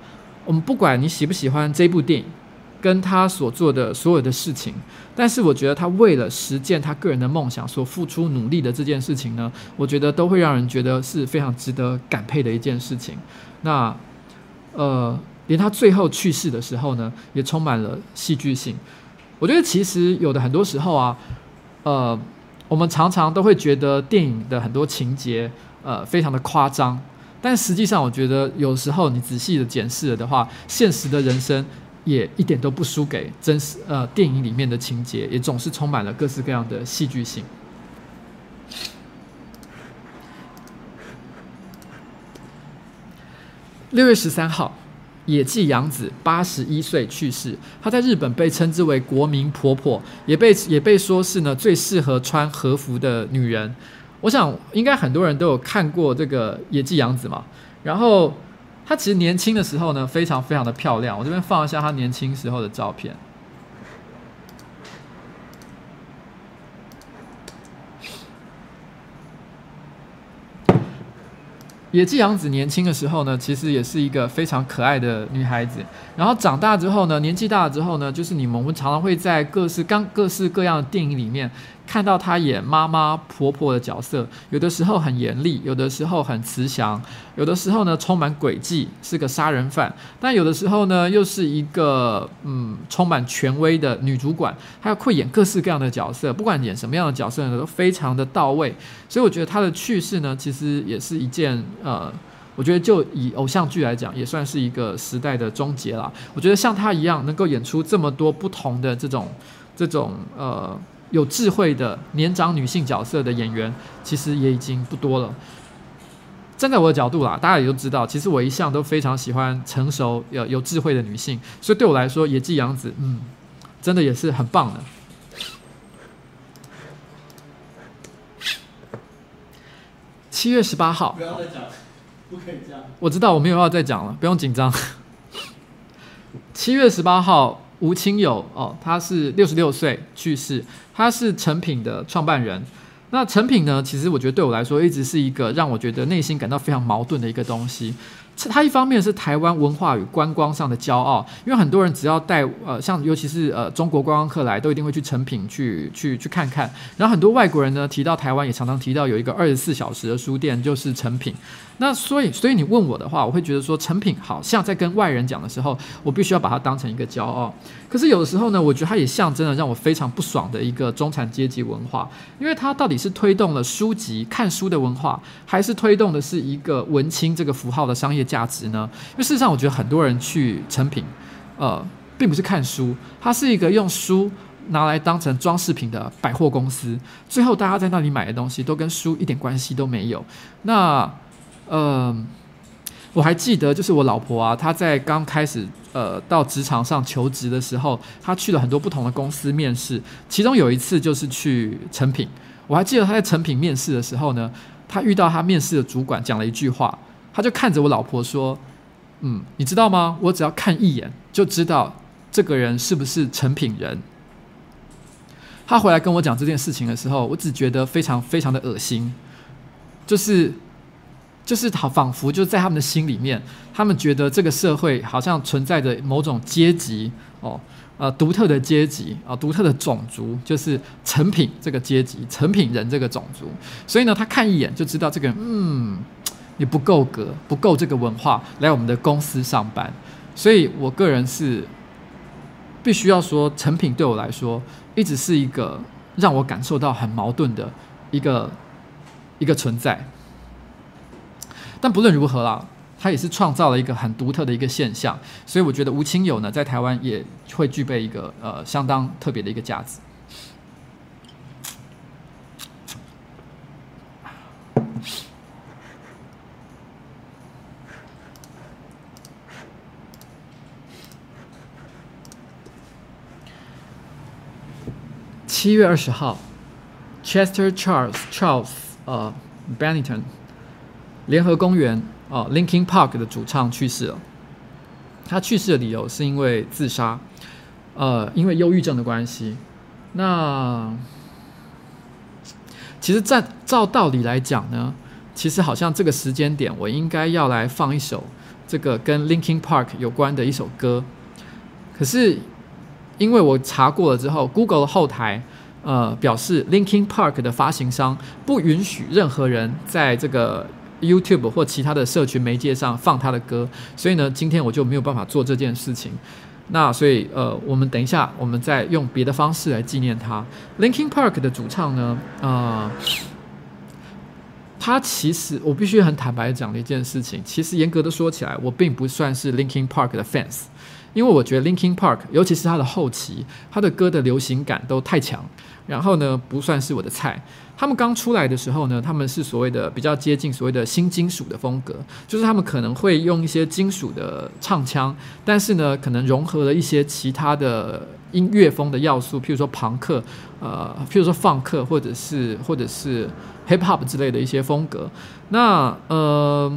我們不管你喜不喜歡這部電影，跟他所做的所有的事情，但是我覺得他為了實踐他個人的夢想所付出努力的這件事情呢，我覺得都會讓人覺得是非常值得感佩的一件事情。那呃，連他最後去世的時候呢，也充滿了戲劇性。我覺得其實有的很多時候啊，呃，我們常常都會覺得電影的很多情節呃，非常的誇張，但實際上我覺得有時候你仔細的檢視了的話，現實的人生。也一點都不輸給真實，呃，電影裡面的情節也總是充滿了各式各樣的戲劇性。六月十三號，野際陽子八十一歲去世。她在日本被稱之為“國民婆婆”，也被也被說是呢最適合穿和服的女人。我想應該很多人都有看過這個野際陽子嘛，然後。她其實年輕的時候呢，非常非常的漂亮。我這邊放一下她年輕時候的照片。野際陽子年輕的時候呢，其實也是一個非常可愛的女孩子。然後長大之後呢，年紀大了之後呢，就是你們我們常常會在各式各各式各樣的電影裡面。看到她演媽媽、婆婆的角色，有的時候很嚴厲，有的時候很慈祥，有的時候呢充滿詭計，是個殺人犯；但有的時候呢又是一個嗯充滿權威的女主管。她會演各式各樣的角色，不管演什麼樣的角色呢都非常的到位。所以我覺得她的去世呢，其實也是一件呃，我覺得就以偶像劇來講，也算是一個時代的終結了。我覺得像她一樣能夠演出這麼多不同的這種這種呃。有智慧的年長女性角色的演員，其實也已經不多了。站在我的角度啦，大家也都知道，其實我一向都非常喜歡成熟有有智慧的女性，所以對我來說，野際陽子，嗯，真的也是很棒的。七月十八號，不要再講，不可以這樣。我知道我沒有要再講了，不用緊張。七月十八號。吳清友哦，他是六十六歲去世。他是誠品的創辦人。那誠品呢？其實我覺得對我來說，一直是一個讓我覺得內心感到非常矛盾的一個東西。它一方面是台灣文化與觀光上的驕傲，因為很多人只要帶呃像尤其是呃中國觀光客來，都一定會去誠品去去去看看。然後很多外國人呢，提到台灣，也常常提到有一個二十四小時的書店，就是誠品。那所以所以你問我的話，我會覺得說誠品好像在跟外人講的時候，我必須要把它當成一個驕傲。可是有的時候呢，我覺得它也象徵了讓我非常不爽的一個中產階級文化，因為它到底是推動了書籍看書的文化，還是推動的是一個文青這個符號的商業？價值呢？因為事實上，我覺得很多人去誠品，呃，並不是看書，它是一個用書拿來當成裝飾品的百貨公司。最後，大家在那裡買的東西都跟書一點關係都沒有。那，嗯、呃，我還記得，就是我老婆啊，她在剛開始呃到職場上求職的時候，她去了很多不同的公司面試，其中有一次就是去誠品。我還記得她在誠品面試的時候呢，她遇到她面試的主管，講了一句話。他就看着我老婆說：“嗯，你知道嗎？我只要看一眼就知道這個人是不是成品人。”他回來跟我講這件事情的時候，我只覺得非常非常的噁心，就是就是他仿佛就在他們的心裡面，他們覺得這個社會好像存在着某種階級哦，呃，獨特的階級啊、哦，獨特的種族，就是成品這個階級，成品人這個種族。所以呢，他看一眼就知道這個嗯。你不夠格，不夠這個文化來我們的公司上班，所以我個人是必須要說，誠品對我來說，一直是一個讓我感受到很矛盾的一個一個存在。但不論如何啦，它也是創造了一個很獨特的一個現象，所以我覺得吳清友呢，在台灣也會具備一個呃相當特別的一個價值。七月二十號，Chester Charles Charles 呃 Bennington 聯合公園啊、呃、Linkin Park 的主唱去世了。他去世的理由是因為自殺，呃，因為憂鬱症的關係。那其實在照道理來講呢，其實好像這個時間點我應該要來放一首這個跟 Linkin Park 有關的一首歌。可是因為我查過了之後，Google 的後台。呃，表示 Linkin Park 的發行商不允許任何人在這個 YouTube 或其他的社群媒介上放他的歌，所以呢，今天我就沒有辦法做這件事情。那所以，呃，我們等一下，我們再用別的方式來紀念他。Linkin Park 的主唱呢，啊、呃，他其實我必須很坦白的講一件事情，其實嚴格的說起來，我並不算是 Linkin Park 的 fans，因為我覺得 Linkin Park，尤其是他的後期，他的歌的流行感都太強。然後呢，不算是我的菜。他們剛出來的時候呢，他們是所謂的比較接近所謂的新金屬的風格，就是他們可能會用一些金屬的唱腔，但是呢，可能融合了一些其他的音樂風的要素，譬如說龐克，呃，譬如說放克，或者是或者是 hip hop 之類的一些風格。那呃，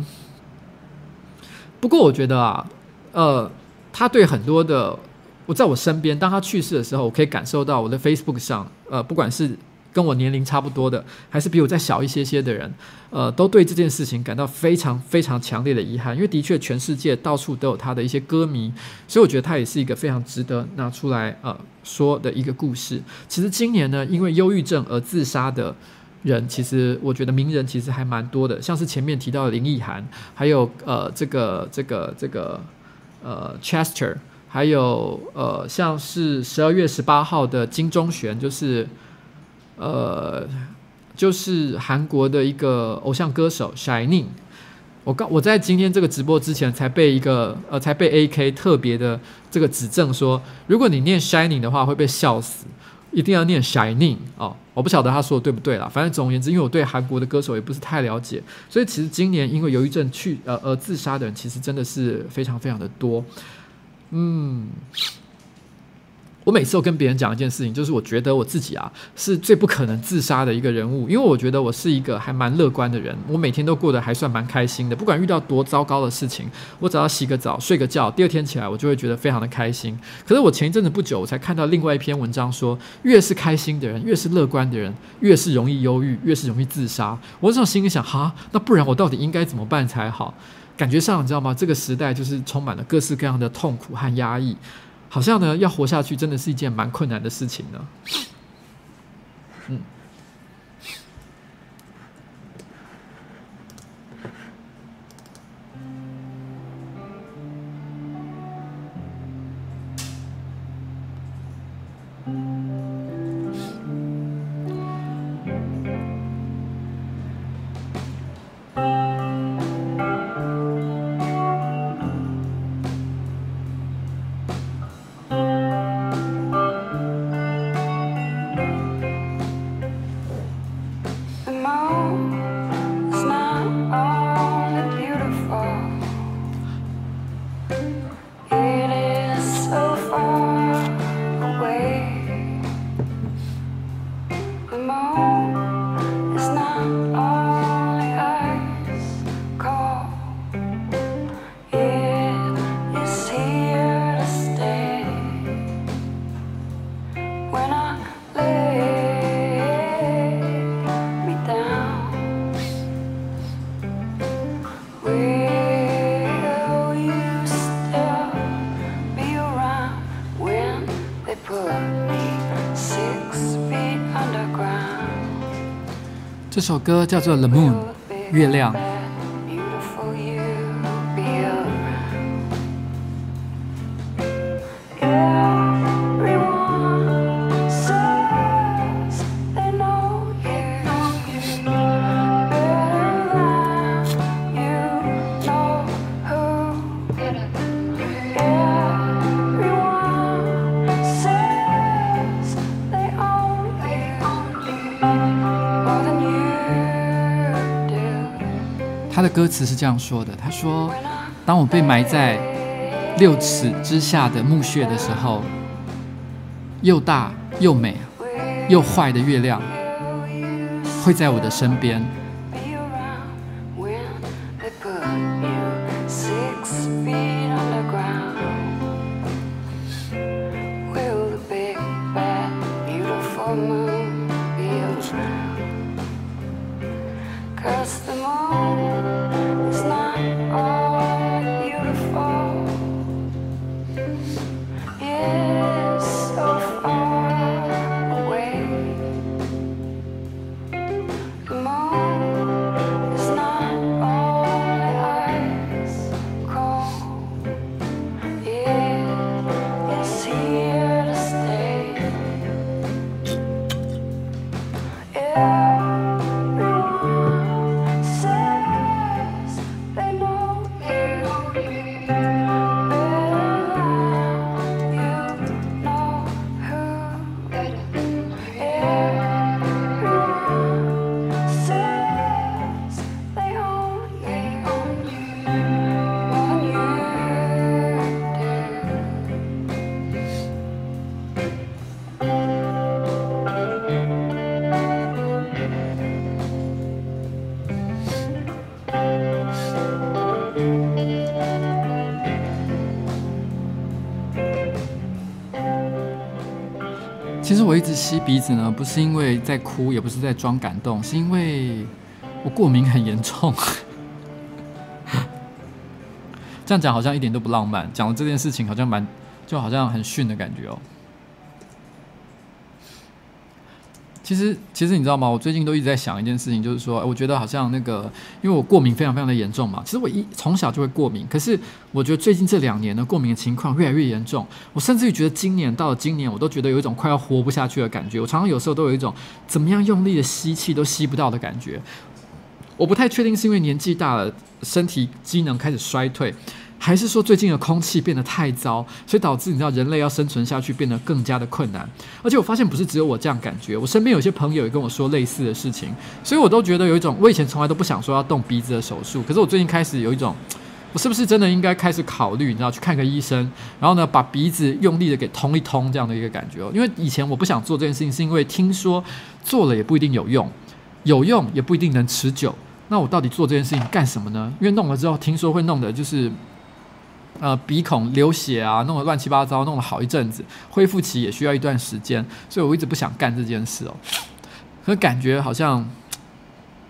不過我覺得啊，呃，他對很多的。我在我身邊，當他去世的時候，我可以感受到我的 Facebook 上，呃，不管是跟我年齡差不多的，還是比我再小一些些的人，呃，都對這件事情感到非常非常強烈的遺憾。因為的確，全世界到處都有他的一些歌迷，所以我覺得他也是一個非常值得拿出來呃說的一個故事。其實今年呢，因為憂鬱症而自殺的人，其實我覺得名人其實還蠻多的，像是前面提到的林奕涵，還有呃這個這個這個呃 Chester。Chester, 還有呃，像是十二月十八號的金鐘鉉，就是呃，就是韓國的一個偶像歌手 Shining。我剛我在今天這個直播之前，才被一個呃，才被 AK 特別的這個指正說，如果你念 Shining 的話會被笑死，一定要念 Shining 哦、呃。我不曉得他說的對不對啦，反正總而言之，因為我對韓國的歌手也不是太了解，所以其實今年因為憂鬱症去呃而自殺的人，其實真的是非常非常的多。嗯，我每次都跟別人講一件事情，就是我覺得我自己啊是最不可能自殺的一個人物，因為我覺得我是一個還蠻樂觀的人，我每天都過得還算蠻開心的，不管遇到多糟糕的事情，我只要洗個澡、睡個覺，第二天起來我就會覺得非常的開心。可是我前一陣子不久，我才看到另外一篇文章說，越是開心的人，越是樂觀的人，越是容易憂鬱，越是容易自殺。我這種心裡想，哈，那不然我到底應該怎麼辦才好？感覺上，你知道嗎？這個時代就是充滿了各式各樣的痛苦和壓抑，好像呢，要活下去真的是一件蠻困難的事情呢。嗯。這首歌叫做《The Moon》，月亮。是這樣說的：“他說，當我被埋在六尺之下的墓穴的時候，又大又美又壞的月亮會在我的身邊。”鼻子呢，不是因為在哭，也不是在裝感動，是因為我過敏很嚴重。 這樣講好像一點都不浪漫，講了這件事情好像蠻，就好像很遜的感覺哦。其實，其實你知道嗎？我最近都一直在想一件事情，就是說，欸，我覺得好像那個，因為我過敏非常非常的嚴重嘛。其實我一從小就會過敏，可是我覺得最近這兩年的過敏的情況越來越嚴重。我甚至於覺得今年到了今年，我都覺得有一種快要活不下去的感覺。我常常有時候都有一種怎麼樣用力的吸氣都吸不到的感覺。我不太確定是因為年紀大了，身體機能開始衰退。還是說最近的空氣變得太糟，所以導致你知道人類要生存下去變得更加的困難。而且我發現不是只有我這樣感覺，我身邊有些朋友也跟我說類似的事情，所以我都覺得有一種，我以前從來都不想說要動鼻子的手術，可是我最近開始有一種，我是不是真的應該開始考慮，你知道去看個醫生，然後呢把鼻子用力的給通一通這樣的一個感覺哦。因為以前我不想做這件事情，是因為聽說做了也不一定有用，有用也不一定能持久。那我到底做這件事情幹什麼呢？因為弄了之後聽說會弄的就是。呃，鼻孔流血啊，弄得亂七八糟，弄了好一陣子，恢復期也需要一段時間，所以我一直不想幹這件事哦。可感覺好像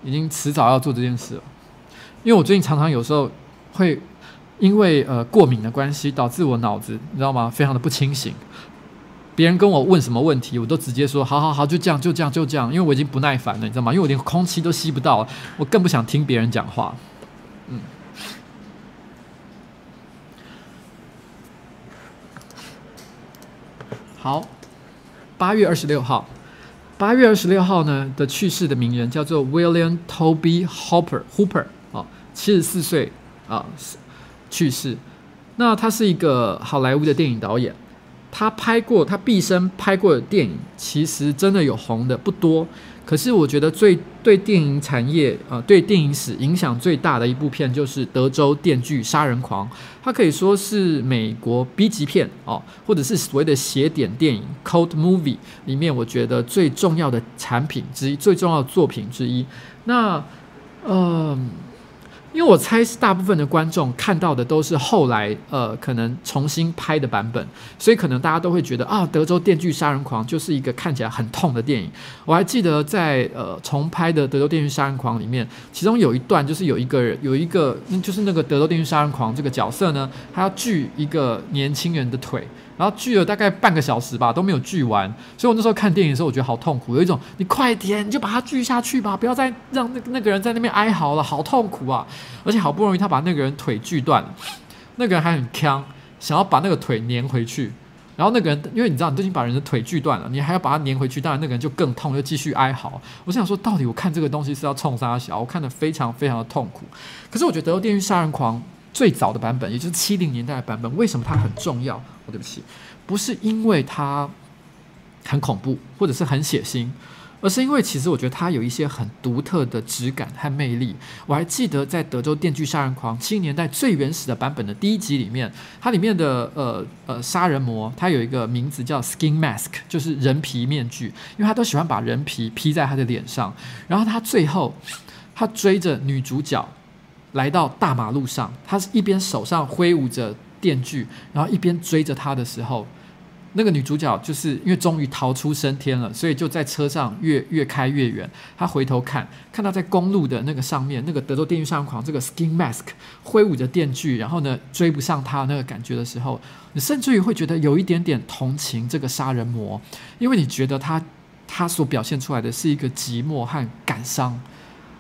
已經遲早要做這件事了，因為我最近常常有時候會因為呃過敏的關係，導致我腦子你知道嗎？非常的不清醒。別人跟我問什麼問題，我都直接說好好好，就這樣就這樣就這樣，因為我已經不耐煩了，你知道嗎？因為我連空氣都吸不到，我更不想聽別人講話。好，八月二十六號，八月二十六號呢的去世的名人叫做 William Toby Hopper Hooper，啊、哦，七十四歲啊，去世。那他是一個好萊塢的電影導演，他拍過他畢生拍過的電影，其實真的有紅的不多。可是我覺得最對電影產業，呃，對電影史影響最大的一部片，就是《德州電鋸殺人狂》，它可以說是美國 B 級片哦、呃，或者是所謂的邪典電影 c o l d movie） 裡面，我覺得最重要的產品之一、最重要的作品之一。那，嗯、呃。因為我猜是大部分的觀眾看到的都是後來呃可能重新拍的版本，所以可能大家都會覺得啊，哦《德州電鋸殺人狂》就是一個看起來很痛的電影。我還記得在呃重拍的《德州電鋸殺人狂》裡面，其中有一段就是有一個人有一個、嗯、就是那個德州電鋸殺人狂這個角色呢，他要鋸一個年輕人的腿。然後鋸了大概半個小時吧，都沒有鋸完。所以我那時候看電影的時候，我覺得好痛苦，有一種你快點，你就把它鋸下去吧，不要再讓那那個人在那邊哀嚎了，好痛苦啊！而且好不容易他把那個人腿鋸斷了，那個人還很嗆，想要把那個腿粘回去。然後那個人，因為你知道，你都已經把人的腿鋸斷了，你還要把它粘回去，當然那個人就更痛，就繼續哀嚎。我想說，到底我看這個東西是要衝殺小，我看得非常非常的痛苦。可是我覺得《電鋸殺人狂》。最早的版本，也就是七零年代的版本，為什麼它很重要？Oh, 對不起，不是因為它很恐怖或者是很血腥，而是因為其實我覺得它有一些很獨特的質感和魅力。我還記得在德州電鋸殺人狂七零年代最原始的版本的第一集裡面，它裡面的呃呃殺人魔，它有一個名字叫 Skin Mask，就是人皮面具，因為他都喜歡把人皮披在他的臉上。然後他最後他追着女主角。來到大馬路上，他是一邊手上揮舞着電鋸，然後一邊追着他的時候，那個女主角就是因為終於逃出生天了，所以就在車上越越開越遠。她回頭看，看到在公路的那個上面，那個德州電鋸殺人狂這個 Skin Mask 揮舞着電鋸，然後呢追不上他那個感覺的時候，你甚至於會覺得有一點點同情這個殺人魔，因為你覺得他他所表現出來的是一個寂寞和感傷。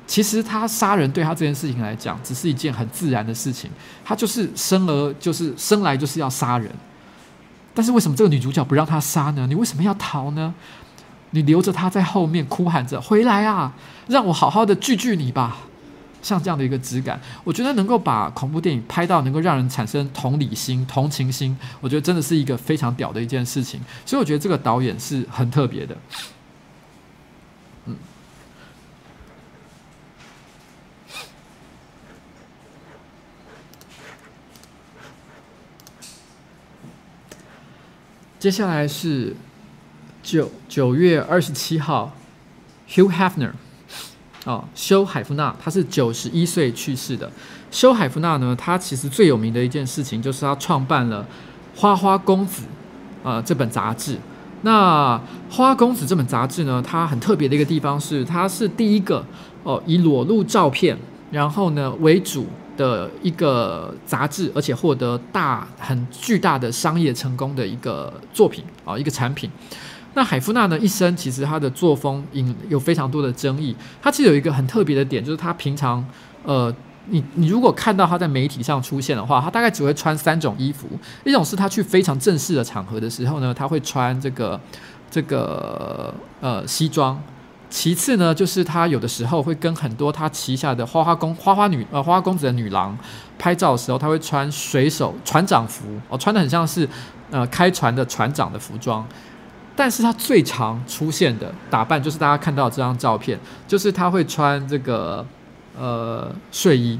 其實他殺人對他這件事情來講，只是一件很自然的事情。他就是生了，就是生來就是要殺人。但是為什麼這個女主角不讓他殺呢？你為什麼要逃呢？你留着他在後面哭喊着回來啊，讓我好好的聚聚你吧。像這樣的一個質感，我覺得能夠把恐怖電影拍到能夠讓人產生同理心、同情心，我覺得真的是一個非常屌的一件事情。所以我覺得這個導演是很特別的。接下來是九九月二十七號，Hugh Hefner，啊、哦，修海夫納，他是九十一歲去世的。修海夫納呢，他其實最有名的一件事情就是他創辦了《花花公子》啊、呃、這本雜誌。那《花花公子》這本雜誌呢，它很特別的一個地方是，它是第一個哦以裸露照片然後呢為主。的一個雜誌，而且獲得大很巨大的商業成功的一個作品啊、哦，一個產品。那海夫納呢，一生其實他的作風引有非常多的爭議。他其實有一個很特別的點，就是他平常呃，你你如果看到他在媒體上出現的話，他大概只會穿三種衣服，一種是他去非常正式的場合的時候呢，他會穿這個這個呃西裝。其次呢，就是他有的時候會跟很多他旗下的花花公、花花女呃花花公子的女郎拍照的時候，他會穿水手船長服，哦，穿的很像是呃開船的船長的服裝。但是他最常出現的打扮就是大家看到這張照片，就是他會穿這個呃睡衣。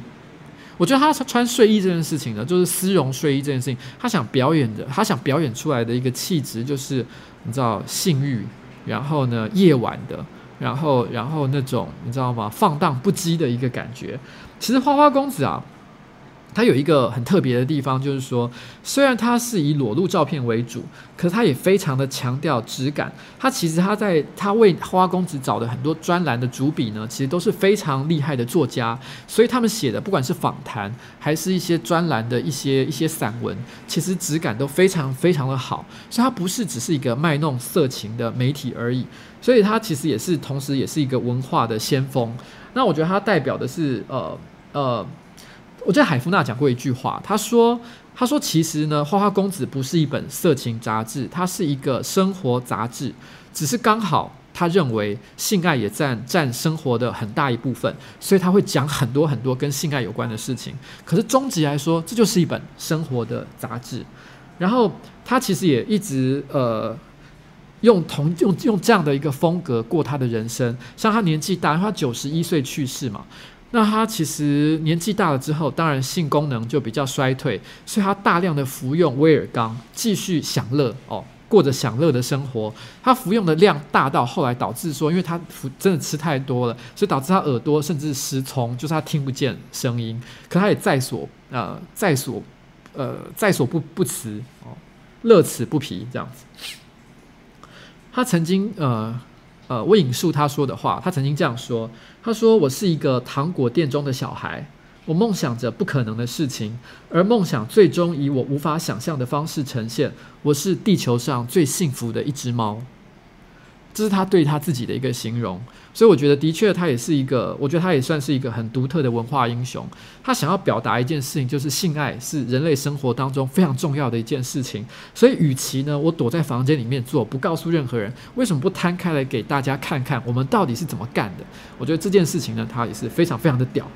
我覺得他穿睡衣這件事情呢，就是絲絨睡衣這件事情，他想表演的，他想表演出來的一個氣質就是你知道性慾，然後呢夜晚的。然後，然後那種你知道嗎？放蕩不羈的一個感覺。其實花花公子啊，他有一個很特別的地方，就是說，雖然他是以裸露照片為主，可是他也非常的強調質感。他其實他在他為花花公子找的很多專欄的主筆呢，其實都是非常厲害的作家。所以他們寫的，不管是訪談，還是一些專欄的一些一些散文，其實質感都非常非常的好。所以他不是只是一個賣弄色情的媒體而已。所以它其實也是同時也是一個文化的先鋒。那我覺得它代表的是呃呃，我記得海夫納講過一句話，他說他說其實呢，《花花公子》不是一本色情雜誌，它是一個生活雜誌，只是剛好他認為性愛也占占生活的很大一部分，所以他會講很多很多跟性愛有關的事情。可是終極來說，這就是一本生活的雜誌。然後他其實也一直呃。用同用用這樣的一個風格過他的人生，像他年紀大，他九十一歲去世嘛。那他其實年紀大了之後，當然性功能就比較衰退，所以他大量的服用威爾剛，繼續享樂哦，過着享樂的生活。他服用的量大到後來導致說，因為他真的吃太多了，所以導致他耳朵甚至失聰，就是他聽不見聲音。可他也在所呃在所呃在所不不辭哦，樂此不疲這樣子。他曾經，呃，呃，我引述他說的話，他曾經這樣說：“他說我是一個糖果店中的小孩，我夢想着不可能的事情，而夢想最終以我無法想象的方式呈現。我是地球上最幸福的一只貓。”這是他對他自己的一個形容。所以我覺得，的確，他也是一個，我覺得他也算是一個很獨特的文化英雄。他想要表達一件事情，就是性愛是人類生活當中非常重要的一件事情。所以，與其呢，我躲在房間裡面做，不告訴任何人，為什麼不攤開來給大家看看，我們到底是怎麼幹的？我覺得這件事情呢，他也是非常非常的屌。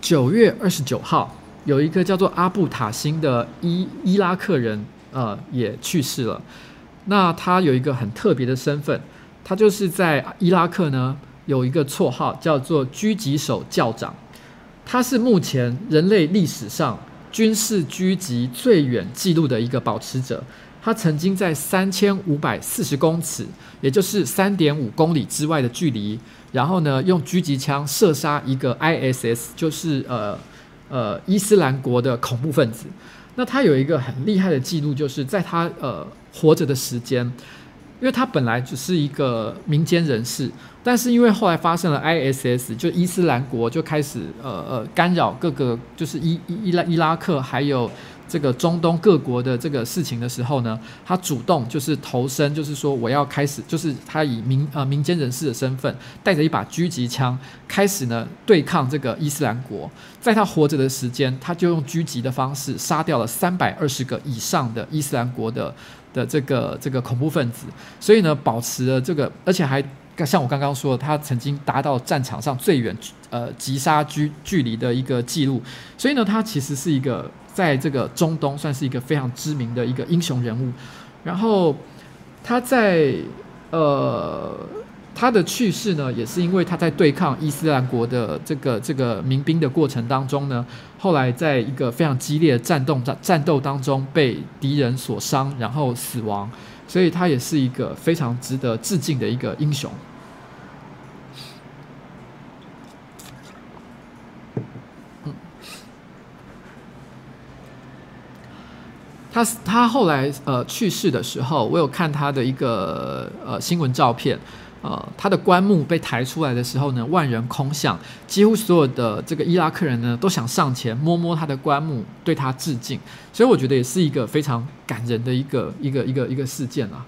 九月二十九號。有一個叫做阿布塔星的伊伊拉克人，呃，也去世了。那他有一個很特別的身份，他就是在伊拉克呢，有一個綽號叫做狙擊手教長。他是目前人類歷史上軍事狙擊最遠記錄的一個保持者。他曾經在三千五百四十公尺，也就是三點五公里之外的距離，然後呢，用狙擊槍射殺一個 ISS，就是呃。呃，伊斯蘭國的恐怖分子，那他有一個很厲害的記錄，就是在他呃活着的時間，因為他本來只是一個民間人士，但是因為後來發生了 ISS，就伊斯蘭國就開始呃呃干擾各個，就是伊伊伊拉伊拉克還有。這個中東各國的這個事情的時候呢，他主動就是投身，就是說我要開始，就是他以民呃民間人士的身份，帶着一把狙擊槍，開始呢對抗這個伊斯蘭國。在他活着的時間，他就用狙擊的方式殺掉了三百二十個以上的伊斯蘭國的的這個這個恐怖分子，所以呢，保持了這個，而且還像我剛剛說，他曾經達到戰場上最遠呃擊殺距距離的一個記錄，所以呢，他其實是一個。在這個中東算是一個非常知名的一個英雄人物，然後他在呃他的去世呢，也是因為他在對抗伊斯蘭國的這個這個民兵的過程當中呢，後來在一個非常激烈的戰鬥戰戰鬥當中被敵人所傷，然後死亡，所以他也是一個非常值得致敬的一個英雄。他他後來呃去世的時候，我有看他的一個呃新聞照片，呃，他的棺木被抬出來的時候呢，萬人空巷，幾乎所有的這個伊拉克人呢都想上前摸摸他的棺木，對他致敬，所以我覺得也是一個非常感人的一個一個一個一個事件啊。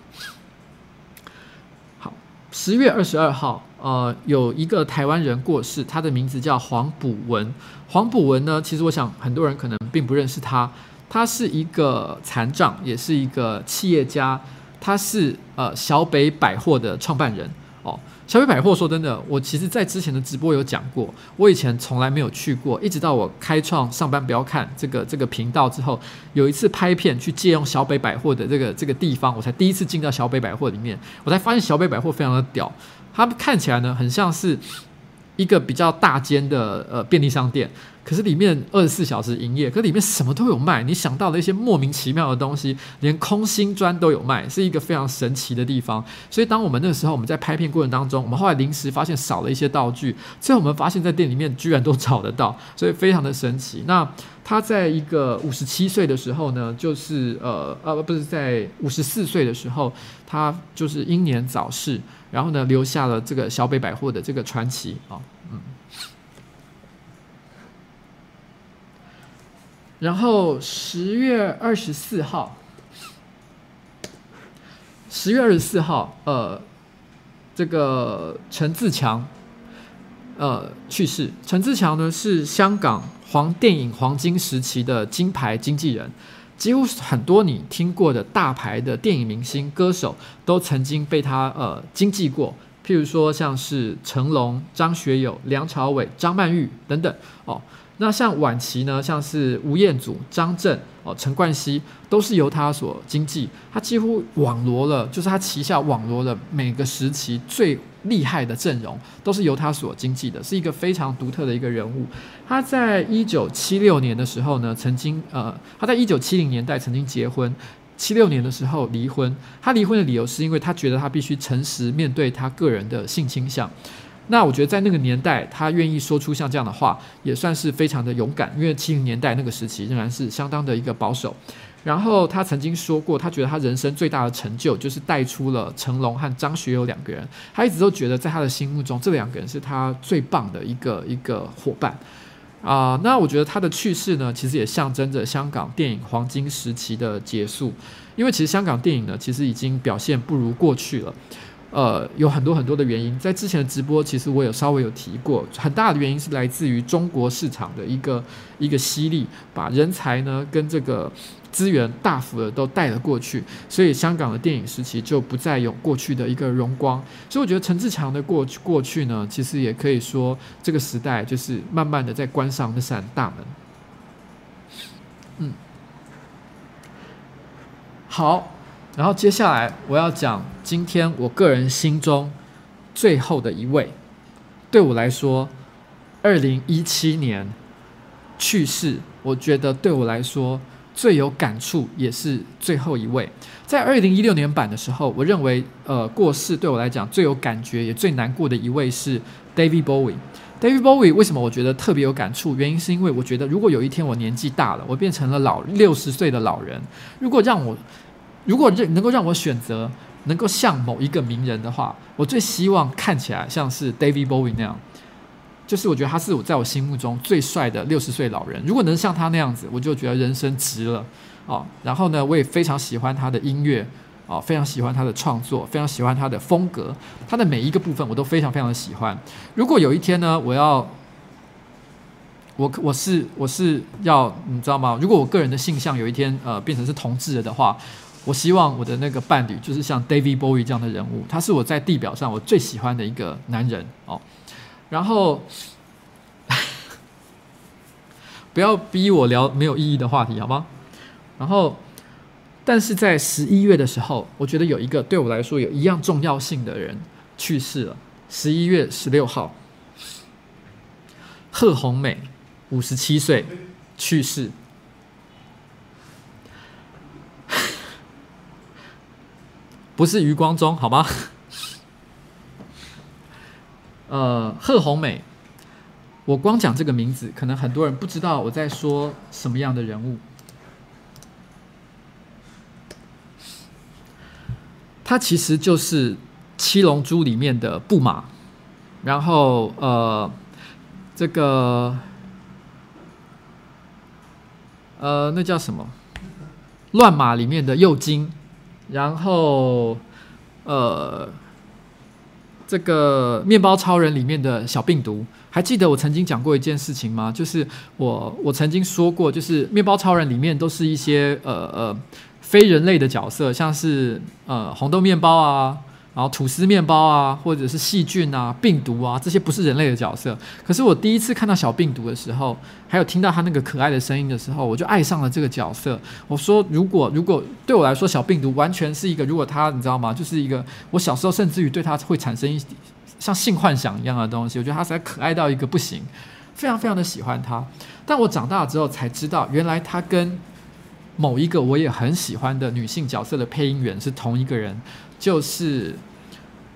好，十月二十二號，呃，有一個台灣人過世，他的名字叫黃補文。黃補文呢，其實我想很多人可能並不認識他。他是一個殘障，也是一個企業家。他是呃小北百貨的創辦人哦。小北百貨說真的，我其實在之前的直播有講過，我以前從來沒有去過，一直到我開創上班不要看這個這個頻道之後，有一次拍片去借用小北百貨的這個這個地方，我才第一次進到小北百貨裡面，我才發現小北百貨非常的屌。它看起來呢，很像是一個比較大間的呃便利商店。可是裡面二十四小時營業，可是裡面什麼都有賣，你想到的一些莫名其妙的東西，連空心磚都有賣，是一個非常神奇的地方。所以，當我們那時候我們在拍片過程當中，我們後來臨時發現少了一些道具，最後我們發現在店裡面居然都找得到，所以非常的神奇。那他在一個五十七歲的時候呢，就是呃呃，啊、不是在五十四歲的時候，他就是英年早逝，然後呢，留下了這個小北百貨的這個傳奇啊。哦然後十月二十四號，十月二十四號，呃，這個陳自強，呃，去世。陳自強呢是香港黃電影黃金時期的金牌經紀人，幾乎很多你聽過的大牌的電影明星、歌手都曾經被他呃經紀過，譬如說像是成龍、張學友、梁朝偉、張曼玉等等哦。那像晚期呢，像是吳彥祖、張震哦、呃、陳冠希，都是由他所經紀。他幾乎網羅了，就是他旗下網羅了每個時期最厲害的陣容，都是由他所經紀的，是一個非常獨特的一個人物。他在一九七六年的時候呢，曾經呃，他在一九七零年代曾經結婚，七六年的時候離婚。他離婚的理由是因為他覺得他必須誠實面對他個人的性傾向。那我覺得在那個年代，他願意說出像這樣的話，也算是非常的勇敢。因為七零年代那個時期仍然是相當的一個保守。然後他曾經說過，他覺得他人生最大的成就就是帶出了成龍和張學友兩個人。他一直都覺得，在他的心目中，這兩個人是他最棒的一個一個夥伴。啊，那我覺得他的去世呢，其實也象徵着香港電影黃金時期的結束。因為其實香港電影呢，其實已經表現不如過去了。呃，有很多很多的原因，在之前的直播，其實我有稍微有提過，很大的原因是來自於中國市場的一個一個吸力，把人才呢跟這個資源大幅的都帶了過去，所以香港的電影時期就不再有過去的一個榮光，所以我覺得陳志強的過去過去呢，其實也可以說這個時代就是慢慢的在關上那扇大門。嗯，好，然後接下來我要講。今天我個人心中最後的一位，對我來說，二零一七年去世，我覺得對我來說最有感觸，也是最後一位。在二零一六年版的時候，我認為呃過世對我來講最有感覺，也最難過的一位是 David Bowie。David Bowie 為什麼我覺得特別有感觸？原因是因為我覺得如果有一天我年紀大了，我變成了老六十歲的老人，如果讓我，如果能能夠讓我選擇，能夠像某一個名人的話，我最希望看起來像是 David Bowie 那樣，就是我覺得他是我在我心目中最帥的六十歲老人。如果能像他那樣子，我就覺得人生值了啊、哦。然後呢，我也非常喜歡他的音樂啊、哦，非常喜歡他的創作，非常喜歡他的風格，他的每一個部分我都非常非常的喜歡。如果有一天呢，我要我我是我是要你知道嗎？如果我個人的性向有一天呃變成是同志了的話。我希望我的那個伴侶就是像 David Bowie 這樣的人物，他是我在地表上我最喜歡的一個男人哦。然後不要逼我聊沒有意義的話題，好嗎？然後，但是在十一月的時候，我覺得有一個對我來說有一樣重要性的人去世了，十一月十六號，賀紅美五十七歲去世。不是余光中好嗎？呃，賀弘美，我光講這個名字，可能很多人不知道我在說什麼樣的人物。他其實就是《七龍珠》裡面的布馬，然後呃，這個呃，那叫什麼，《亂馬》裡面的右京。然後，呃，這個《麵包超人》裡面的小病毒，還記得我曾經講過一件事情嗎？就是我我曾經說過，就是《麵包超人》裡面都是一些呃呃非人類的角色，像是呃紅豆麵包啊。然後吐司麵包啊，或者是細菌啊、病毒啊，這些不是人類的角色。可是我第一次看到小病毒的時候，還有聽到它那個可愛的聲音的時候，我就愛上了這個角色。我說，如果如果對我來說，小病毒完全是一個，如果他你知道嗎，就是一個我小時候甚至於對它會產生一像性幻想一樣的東西。我覺得它實在可愛到一個不行，非常非常的喜歡它。但我長大了之後才知道，原來它跟某一個我也很喜歡的女性角色的配音員是同一個人，就是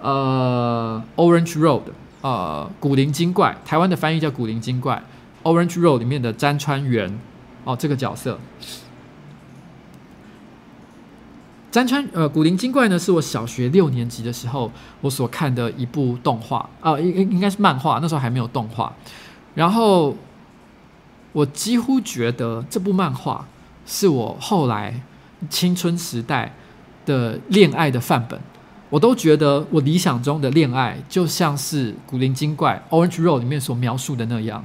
呃，Orange Road，呃，古靈精怪，台灣的翻譯叫古靈精怪。Orange Road 裡面的詹川元哦，呃，這個角色，詹川呃，古靈精怪呢，是我小學六年級的時候我所看的一部動畫啊，呃，應應應該是漫畫，那時候還沒有動畫。然後我幾乎覺得這部漫畫。是我後來青春時代的戀愛的範本，我都覺得我理想中的戀愛就像是古靈精怪《Orange Road》裡面所描述的那樣。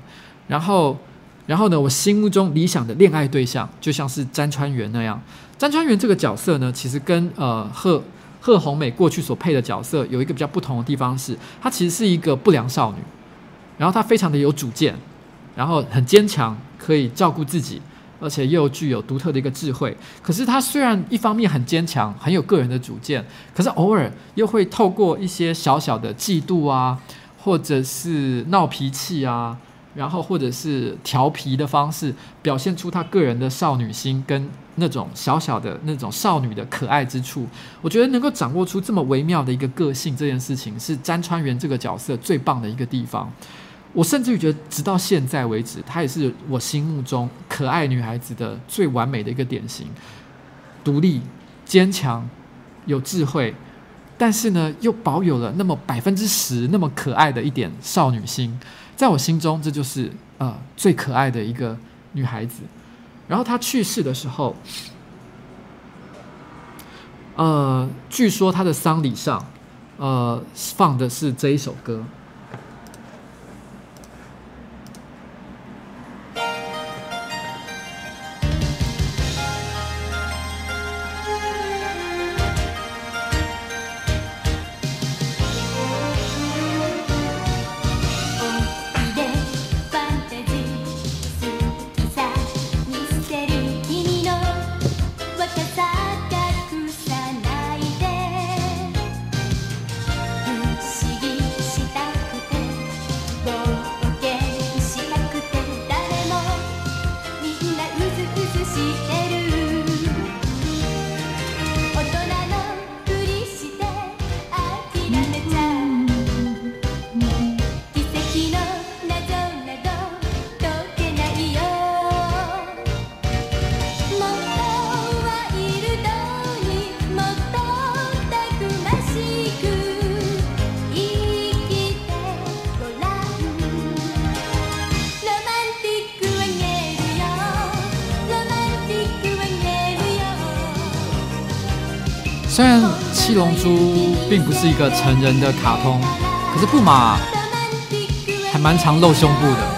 然後，然後呢，我心目中理想的戀愛對象就像是鮎川圓那樣。鮎川圓這個角色呢，其實跟呃賀賀紅美過去所配的角色有一個比較不同的地方，是她其實是一個不良少女，然後她非常的有主見，然後很堅強，可以照顧自己。而且又具有獨特的一個智慧，可是他雖然一方面很堅強，很有個人的主見，可是偶爾又會透過一些小小的嫉妒啊，或者是鬧脾氣啊，然後或者是調皮的方式，表現出他個人的少女心跟那種小小的那種少女的可愛之處。我覺得能夠掌握出這麼微妙的一個個性，這件事情是戰場原這個角色最棒的一個地方。我甚至於覺得，直到現在為止，她也是我心目中可愛女孩子的最完美的一個典型，獨立、堅強、有智慧，但是呢，又保有了那麼百分之十那麼可愛的一點少女心，在我心中，這就是呃最可愛的一個女孩子。然後她去世的時候，呃，據說她的喪禮上，呃，放的是這一首歌。《七龍珠》並不是一個成人的卡通，可是布瑪還蠻常露胸部的。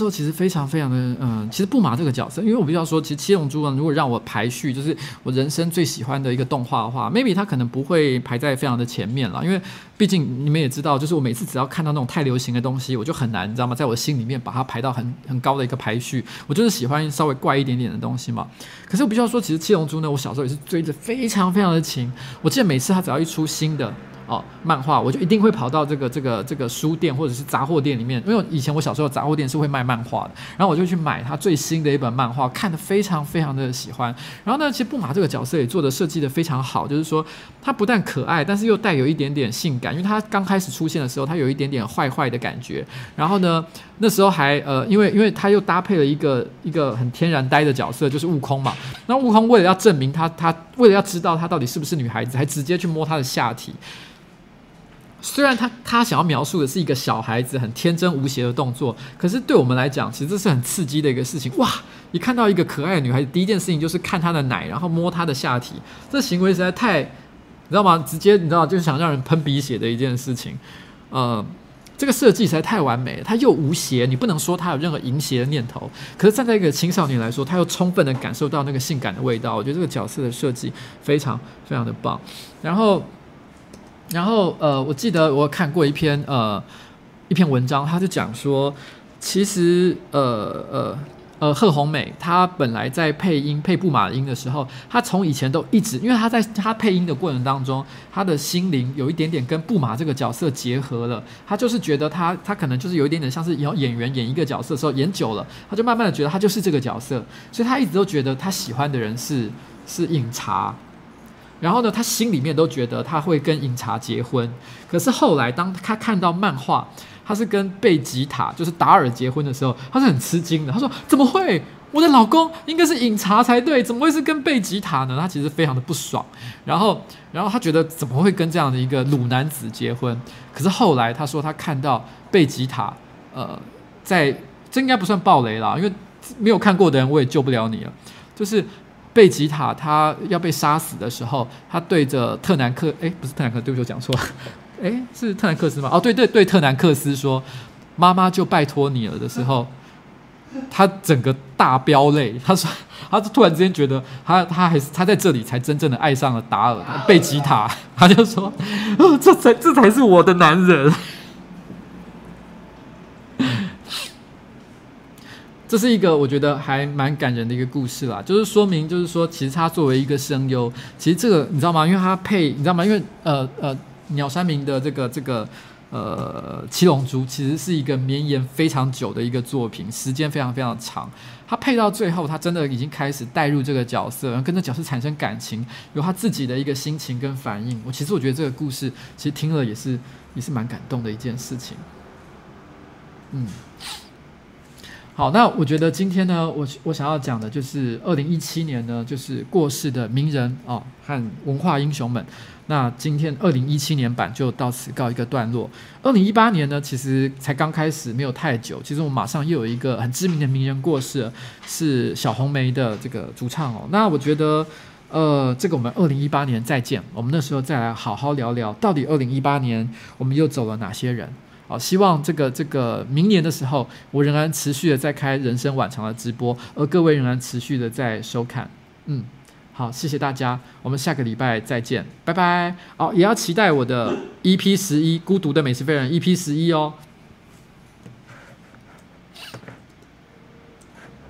說其實非常非常的嗯，其實布瑪這個角色，因為我必須要說，其實七龍珠呢，如果讓我排序，就是我人生最喜歡的一個動畫的話，maybe 它可能不會排在非常的前面了，因為畢竟你們也知道，就是我每次只要看到那種太流行的東西，我就很難，你知道嗎？在我心裡面把它排到很很高的一個排序，我就是喜歡稍微怪一點點的東西嘛。可是我必須要說，其實七龍珠呢，我小時候也是追得非常非常的勤，我記得每次它只要一出新的。哦，漫畫我就一定會跑到這個這個這個書店或者是雜貨店裡面，因為我以前我小時候的雜貨店是會賣漫畫的，然後我就去買它最新的一本漫畫，看得非常非常的喜歡。然後呢，其實布瑪這個角色也做的設計的非常好，就是說它不但可愛，但是又帶有一點點性感，因為它剛開始出現的時候，它有一點點壞壞的感覺。然後呢，那時候還呃，因為因為它又搭配了一個一個很天然呆的角色，就是悟空嘛。那悟空為了要證明他，他為了要知道他到底是不是女孩子，還直接去摸他的下體。雖然他他想要描述的是一個小孩子很天真無邪的動作，可是對我們來講，其實這是很刺激的一個事情。哇！你看到一個可愛的女孩子，第一件事情就是看她的奶，然後摸她的下體。這行為實在太，你知道嗎？直接你知道，就是想讓人噴鼻血的一件事情。嗯，這個設計實在太完美了。他又無邪，你不能說他有任何淫邪的念頭。可是站在一個青少年來說，他又充分的感受到那個性感的味道。我覺得這個角色的設計非常非常的棒。然後。然後，呃，我記得我看過一篇，呃，一篇文章，他就講說，其實，呃，呃，呃，賀紅美，她本來在配音配布馬音的時候，她從以前都一直，因為她在她配音的過程當中，她的心靈有一點點跟布馬這個角色結合了，她就是覺得她，她可能就是有一點點像是演演員演一個角色的時候演久了，她就慢慢的覺得她就是這個角色，所以她一直都覺得她喜歡的人是是飲茶。然後呢，他心裡面都覺得他會跟飲茶結婚，可是後來當他看到漫畫，他是跟貝吉塔就是達爾結婚的時候，他是很吃驚的。他說：“怎麼會？我的老公應該是飲茶才對，怎麼會是跟貝吉塔呢？”他其實非常的不爽。然後，然後他覺得怎麼會跟這樣的一個魯男子結婚？可是後來他說他看到貝吉塔，呃，在這應該不算爆雷啦，因為沒有看過的人我也救不了你了，就是。貝吉塔他要被殺死的時候，他對着特南克，哎、欸，不是特南克，對不起，我講錯了，哎、欸，是特南克斯嗎？哦，對對對，特南克斯說：“媽媽就拜託你了。”的時候，他整個大飆淚，他說：“他就突然之間覺得他，他他還是他在這裡才真正的愛上了達爾貝吉塔，他就說：‘哦，這才這才是我的男人。’”這是一個我覺得還蠻感人的一個故事啦，就是說明，就是說，其實他作為一個聲優，其實這個你知道嗎？因為他配，你知道嗎？因為呃呃，鳥山明的這個這個呃七龍珠，其實是一個綿延非常久的一個作品，時間非常非常長。他配到最後，他真的已經開始帶入這個角色，然後跟這角色產生感情，有他自己的一個心情跟反應。我其實我覺得這個故事其實聽了也是也是蠻感動的一件事情，嗯。好，那我覺得今天呢，我我想要講的就是二零一七年呢，就是過世的名人哦和文化英雄們。那今天二零一七年版就到此告一個段落。二零一八年呢，其實才剛開始，沒有太久。其實我馬上又有一個很知名的名人過世，是小紅莓的這個主唱哦。那我覺得，呃，這個我們二零一八年再見，我們那時候再來好好聊聊，到底二零一八年我們又走了哪些人。好，希望這個這個明年的時候，我仍然持續的在開人生晚長的直播，而各位仍然持續的在收看。嗯，好，謝謝大家，我們下個禮拜再見，拜拜。好，也要期待我的 EP 十一孤獨的美食廢人 EP 十一哦。